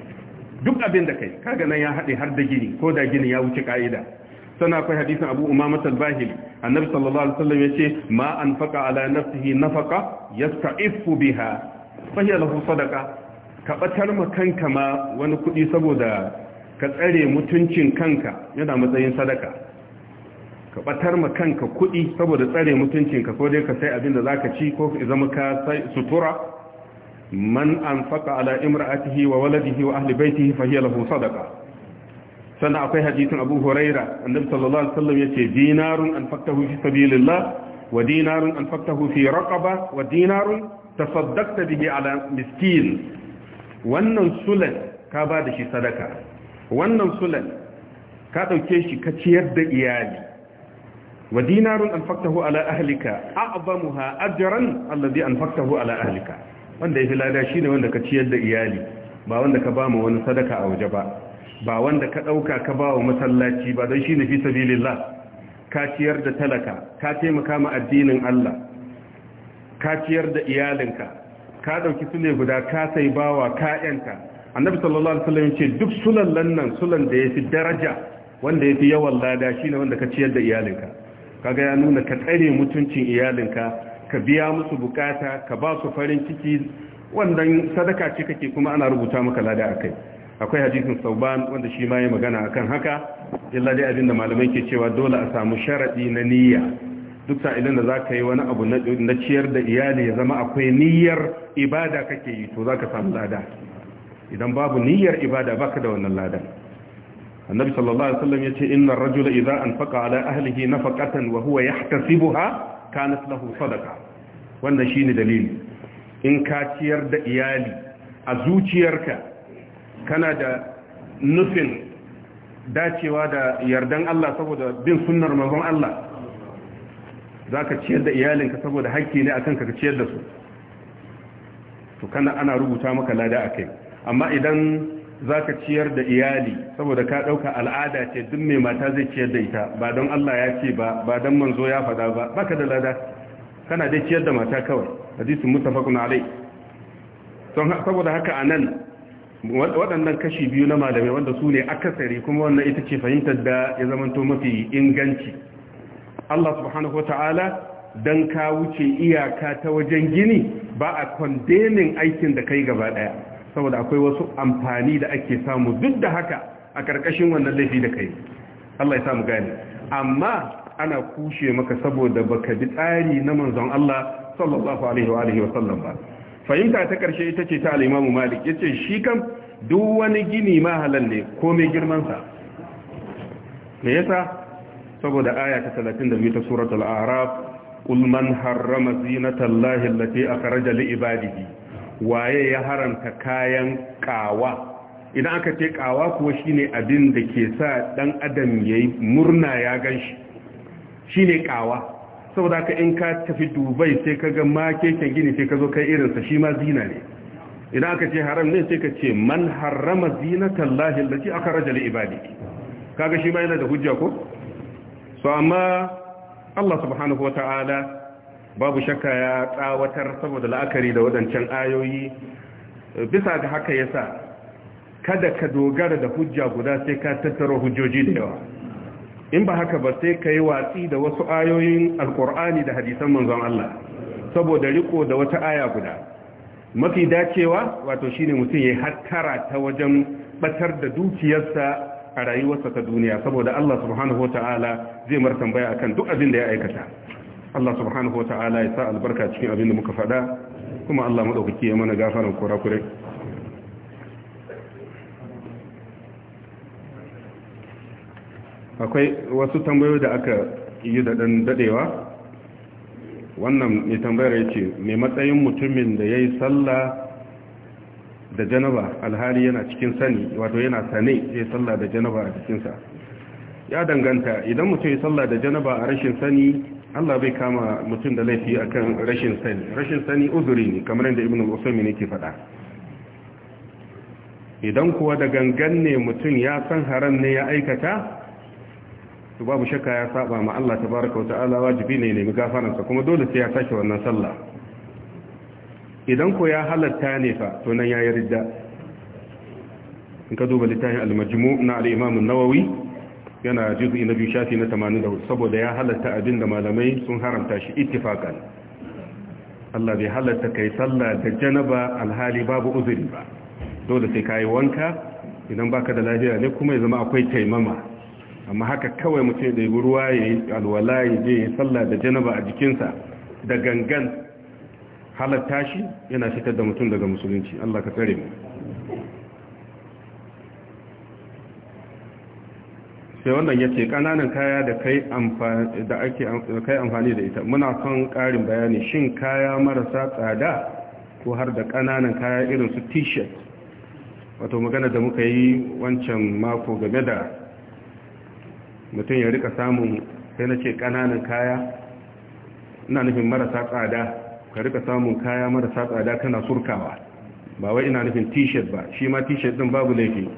duk abinda kai kaga nan ya hade har da gini ko da gini ya wuce ka'ida sana kai hadisin abu umama talbahili annabi sallallahu alaihi wasallam yace ma anfaqa ala nafsihi nafaqa yasta'ifu biha fa hiya lahu sadaqa ka batar ma kanka ma wani kudi saboda ka tsare mutuncin kanka yana matsayin sadaka ka batar ma kanka kudi saboda tsare mutuncin ka ko dai ka sai abin da zaka ci ko ka zama ka sutura man anfaqa ala imra'atihi wa waladihi wa ahli baitihi fa hiya lahu sadaqa sannan akwai hadisin abu huraira annabi sallallahu alaihi wasallam yace dinarun anfaqtahu fi sabilillah wa dinarun anfaqtahu fi raqaba wa dinarun tasaddaqta bihi ala miskin wannan sulan ka ba da shi sadaka wannan sulan ka dauke shi ka ciyar da iyali wa dinarun anfaqtahu ala ahlika a'zamuha ajran alladhi anfaqtahu ala ahlika wanda yafi lada shine wanda ka ciyar da iyali ba wanda ka ba mu wani sadaka a waje ba ba wanda ka ɗauka ka ba wa masallaci ba don shi ne fi sabilillah ka ciyar da talaka ka taimaka ma addinin Allah ka ciyar da iyalinka ka ɗauki ne guda ka sai bawa ka yanta annabi sallallahu alaihi wasallam ce duk sulallan nan sulan da yafi daraja wanda yafi yawan lada shine wanda ka ciyar da iyalinka kaga ya nuna ka tsare mutuncin iyalinka ka biya musu bukata ka ba su farin ciki wannan sadaka ce kake kuma ana rubuta maka lada a kai. akwai hadisin sauban wanda shi ma ya magana akan haka illa dai abinda malamai ke cewa dole a samu sharadi na niyya duk idan da zaka yi wani abu na ciyar da iyali ya zama akwai niyyar ibada kake yi to zaka samu lada idan babu niyyar ibada baka da wannan ladan annabi sallallahu alaihi wasallam yace inna ar-rajula idza anfaqa ala ahlihi nafaqatan wa huwa yahtasibuha kanat lahu sadaqa wannan shine dalili in ka ciyar da iyali a zuciyarka kana da nufin dacewa da yardan Allah saboda bin sunnar mazan Allah za ka ciyar da iyalinka saboda haƙƙi ne a kanka ka ciyar da su to kana ana rubuta maka lada a kai amma idan za ka ciyar da iyali saboda ka ɗauka al'ada ce duk mai mata zai ciyar da ita ba don Allah ya ce ba ba don manzo ya faɗa ba ba ka da lada kana dai ciyar da mata kawai hadisun mutafakun alai saboda haka a nan waɗannan kashi biyu na malamai wanda su ne akasari kuma wannan ita ce fahimtar da ya zamanto mafi inganci Allah subhanahu wata'ala don ka wuce iyaka ta wajen gini ba a kwandemin aikin da kai gaba ɗaya saboda akwai wasu amfani da ake samu duk da haka a ƙarƙashin wannan laifi da kai Allah ya samu gane amma ana kushe maka saboda baka bi tsari na manzon Allah sallallahu alaihi wa alihi wa sallam ba fahimta ta ƙarshe ita ce ta al'imamu malik ya ce shi kan duk wani gini ma halal ne komai girmansa me yasa saboda aya ta 32 ta suratul a'raf qul man harrama zinata allahi allati akhraja li ibadihi waye ya haramta kayan kawa idan aka ce kawa kuwa shine abin da ke sa dan adam yayi murna ya ganshi shine kawa saboda ka in ka tafi dubai sai ka ga makeken gini sai ka zo kai irinsa shi ma zina ne idan aka ce haram ne sai ka ce man harrama zinatan lahi allati akhraja li ibadihi kaga shi ma yana da hujja ko so amma Allah subhanahu wataala babu shakka ya tsawatar saboda la'akari da waɗancan ayoyi bisa ga haka yasa kada ka dogara da hujja guda sai ka tattaro hujjoji da yawa in ba haka ba sai ka yi watsi da wasu ayoyin alkur'ani da hadisan manzon Allah saboda riko da wata aya guda mafi dacewa wato shine mutum ya hattara ta wajen batar da dukiyarsa a rayuwarsa ta duniya saboda Allah subhanahu wataala zai mar tambaya akan duk abin da ya aikata Allah subhanahu wataala ya sa albarka cikin abin da muka faɗa kuma Allah madaukaki ya mana gafaran kurakure akwai wasu tambayoyi da aka yi da ɗan daɗewa. wannan mai tambayar ya ce mai matsayin mutumin da ya yi sallah da janaba alhali yana cikin sani wato yana sane ya yi sallah da janaba a cikinsa ya danganta idan mutum ya sallah da janaba a rashin sani allah bai kama mutum da laifi akan rashin sani rashin sani uzuri ne kamar yadda ibn al usami ne ke faɗa idan kuwa da gangan ne mutum ya san haram ne ya aikata to babu shakka ya saba ma Allah tabaraka ta'ala wajibi ne nemi sa kuma dole sai ya sake wannan sallah idan ko ya halatta ne fa to nan yayi ridda in ka duba littafin al-majmu' na al-imam an-nawawi yana juz'i na biyu shafi na 84 saboda ya halatta abinda malamai sun haramta shi ittifaqan Allah bai halatta kai sallah da janaba alhali babu uzuri ba dole sai kai wanka idan baka da lafiya ne kuma ya zama akwai taimama amma haka kawai mutum da yi ruwa ya yi alwala ya je sallah da janaba a jikinsa da gangan halatta shi yana fitar da mutum daga musulunci Allah ka tsare mu sai wannan ya ce ƙananan kaya da kai amfani da ita muna son ƙarin bayani shin kaya marasa tsada ko har da ƙananan kaya irin su t-shirt wato magana da muka yi wancan mako game da mutum ya rika samun sai na ce kananan kaya ina nufin marasa tsada ka rika samun kaya marasa tsada kana surkawa ba wai ina nufin t-shirt ba shi ma t-shirt din babu laifi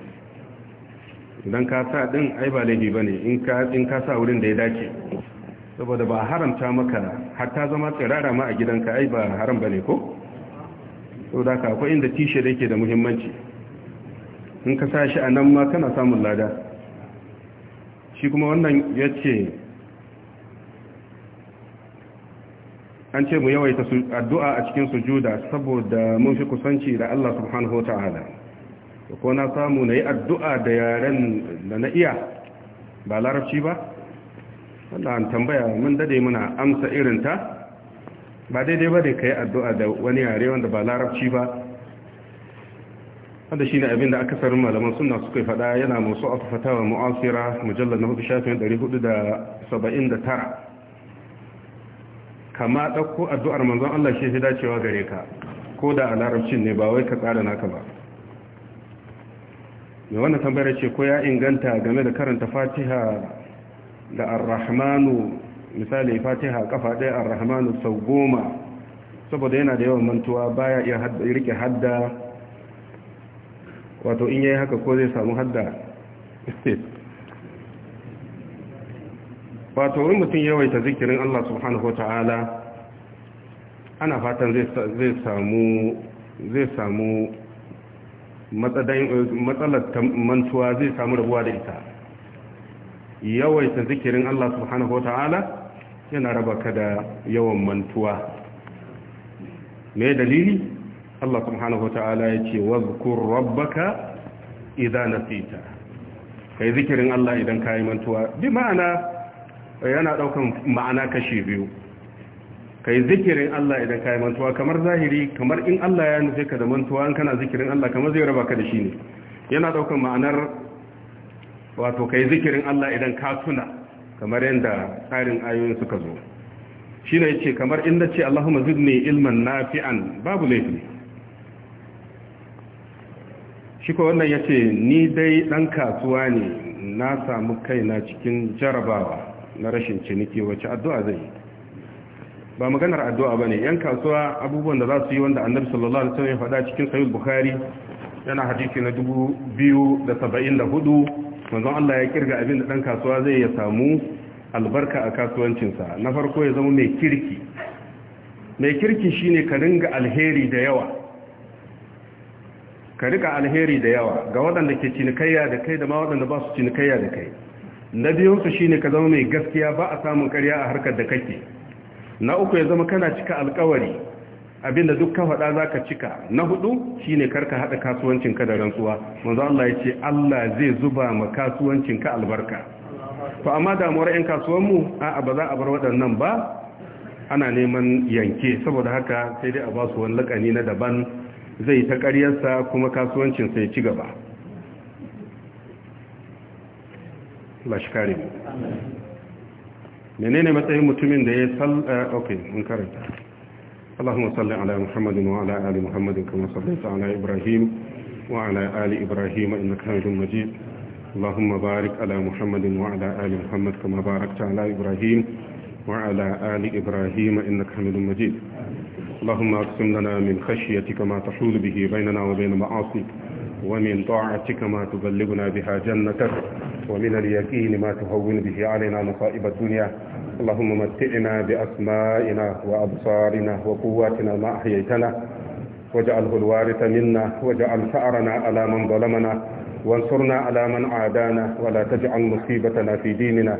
idan ka sa din ai ba laifi ba ne in ka sa wurin da ya dace saboda ba haramta maka hatta zama tsirara ma a gidanka ai ba haram ba ne ko saboda ka akwai inda t-shirt yake da muhimmanci in ka sa shi a nan ma kana samun lada shi kuma wannan ya ce an ce mu yawaita addu'a a cikin sujuda saboda mun fi kusanci da Allah subhanahu wa ta'ala ko na samu na yi addu'a da yaren da na iya ba larabci ba wanda an tambaya mun dade muna amsa irinta ba daidai ba da ka yi addu'a da wani yare wanda ba larabci ba wanda ne abin da aka akasarin malaman sunna suka fada yana masu a fatawa mu'asira mujallar na hudu shafin 479 kama ɗauko addu'ar manzon Allah shi fi dacewa gare ka ko da a larabcin ne ba wai ka tsada naka ba mai wannan tambayar ce ko ya inganta game da karanta fatiha da arrahmanu misali fatiha kafa ɗaya arrahmanu sau goma saboda yana da yawan mantuwa baya iya rike hadda wato in yayi haka ko zai samu hadda wato in mutum yawaita zikirin Allah subhanahu wataala ana fatan zai samu zai samu matsalar mantuwa zai samu rabuwa da ita yawaita zikirin Allah subhanahu wataala yana raba ka da yawan mantuwa me dalili Allah subhanahu wata'ala ya ce wazkur rabbaka idza nasita kai zikirin Allah idan kai mantuwa bi ma'ana yana daukan ma'ana kashi biyu kai zikirin Allah idan kai mantuwa kamar zahiri kamar in Allah ya nufe ka da mantuwa in kana zikirin Allah kamar zai raba ka da shi ne yana daukan ma'anar wato kai zikirin Allah idan ka tuna kamar yadda tsarin ayoyin suka zo shine yace kamar in nace Allahumma zidni ilman nafi'an babu laifi shi ko wannan ya ce ni dai ɗan kasuwa ne na samu kaina cikin jarabawa na rashin ciniki wacce addu'a zai ba maganar addu'a ba ne ‘yan kasuwa abubuwan da za su yi wanda annabi sallallahu alaihi wasallam ya faɗa cikin sayul bukhari yana hadisi na 274 manzon Allah ya kirga abin da ɗan kasuwa zai ya samu albarka a kasuwancinsa na farko ya zama mai kirki mai kirki shine ka ringa alheri da yawa ka rika alheri da yawa ga waɗanda ke cinikayya da kai da ma waɗanda ba su cinikayya da kai na biyunsu shine ka zama mai gaskiya ba a samun karya a harkar da kake na uku ya zama kana cika alkawari abinda duk ka faɗa za ka cika na hudu shine ka haɗa kasuwancinka da rantsuwa manzo Allah ya ce Allah zai zuba ma kasuwancinka albarka to amma damuwar 'yan kasuwanmu a'a ba za a bar waɗannan ba ana neman yanke saboda haka sai dai a ba su wani lakani na daban zai ta ƙaryarsa kuma kasuwancinsa ya ci gaba lashkari mene mutumin da ya salla eh, ok وعلى آل إبراهيم إنك حميد مجيد اللهم أقسم لنا من خشيتك ما تحول به بيننا وبين معاصيك ومن طاعتك ما تبلغنا بها جنتك ومن اليقين ما تهون به علينا مصائب الدنيا اللهم متعنا بأسمائنا وأبصارنا وقواتنا ما أحييتنا واجعله الوارث منا واجعل ثأرنا على من ظلمنا وانصرنا على من عادانا ولا تجعل مصيبتنا في ديننا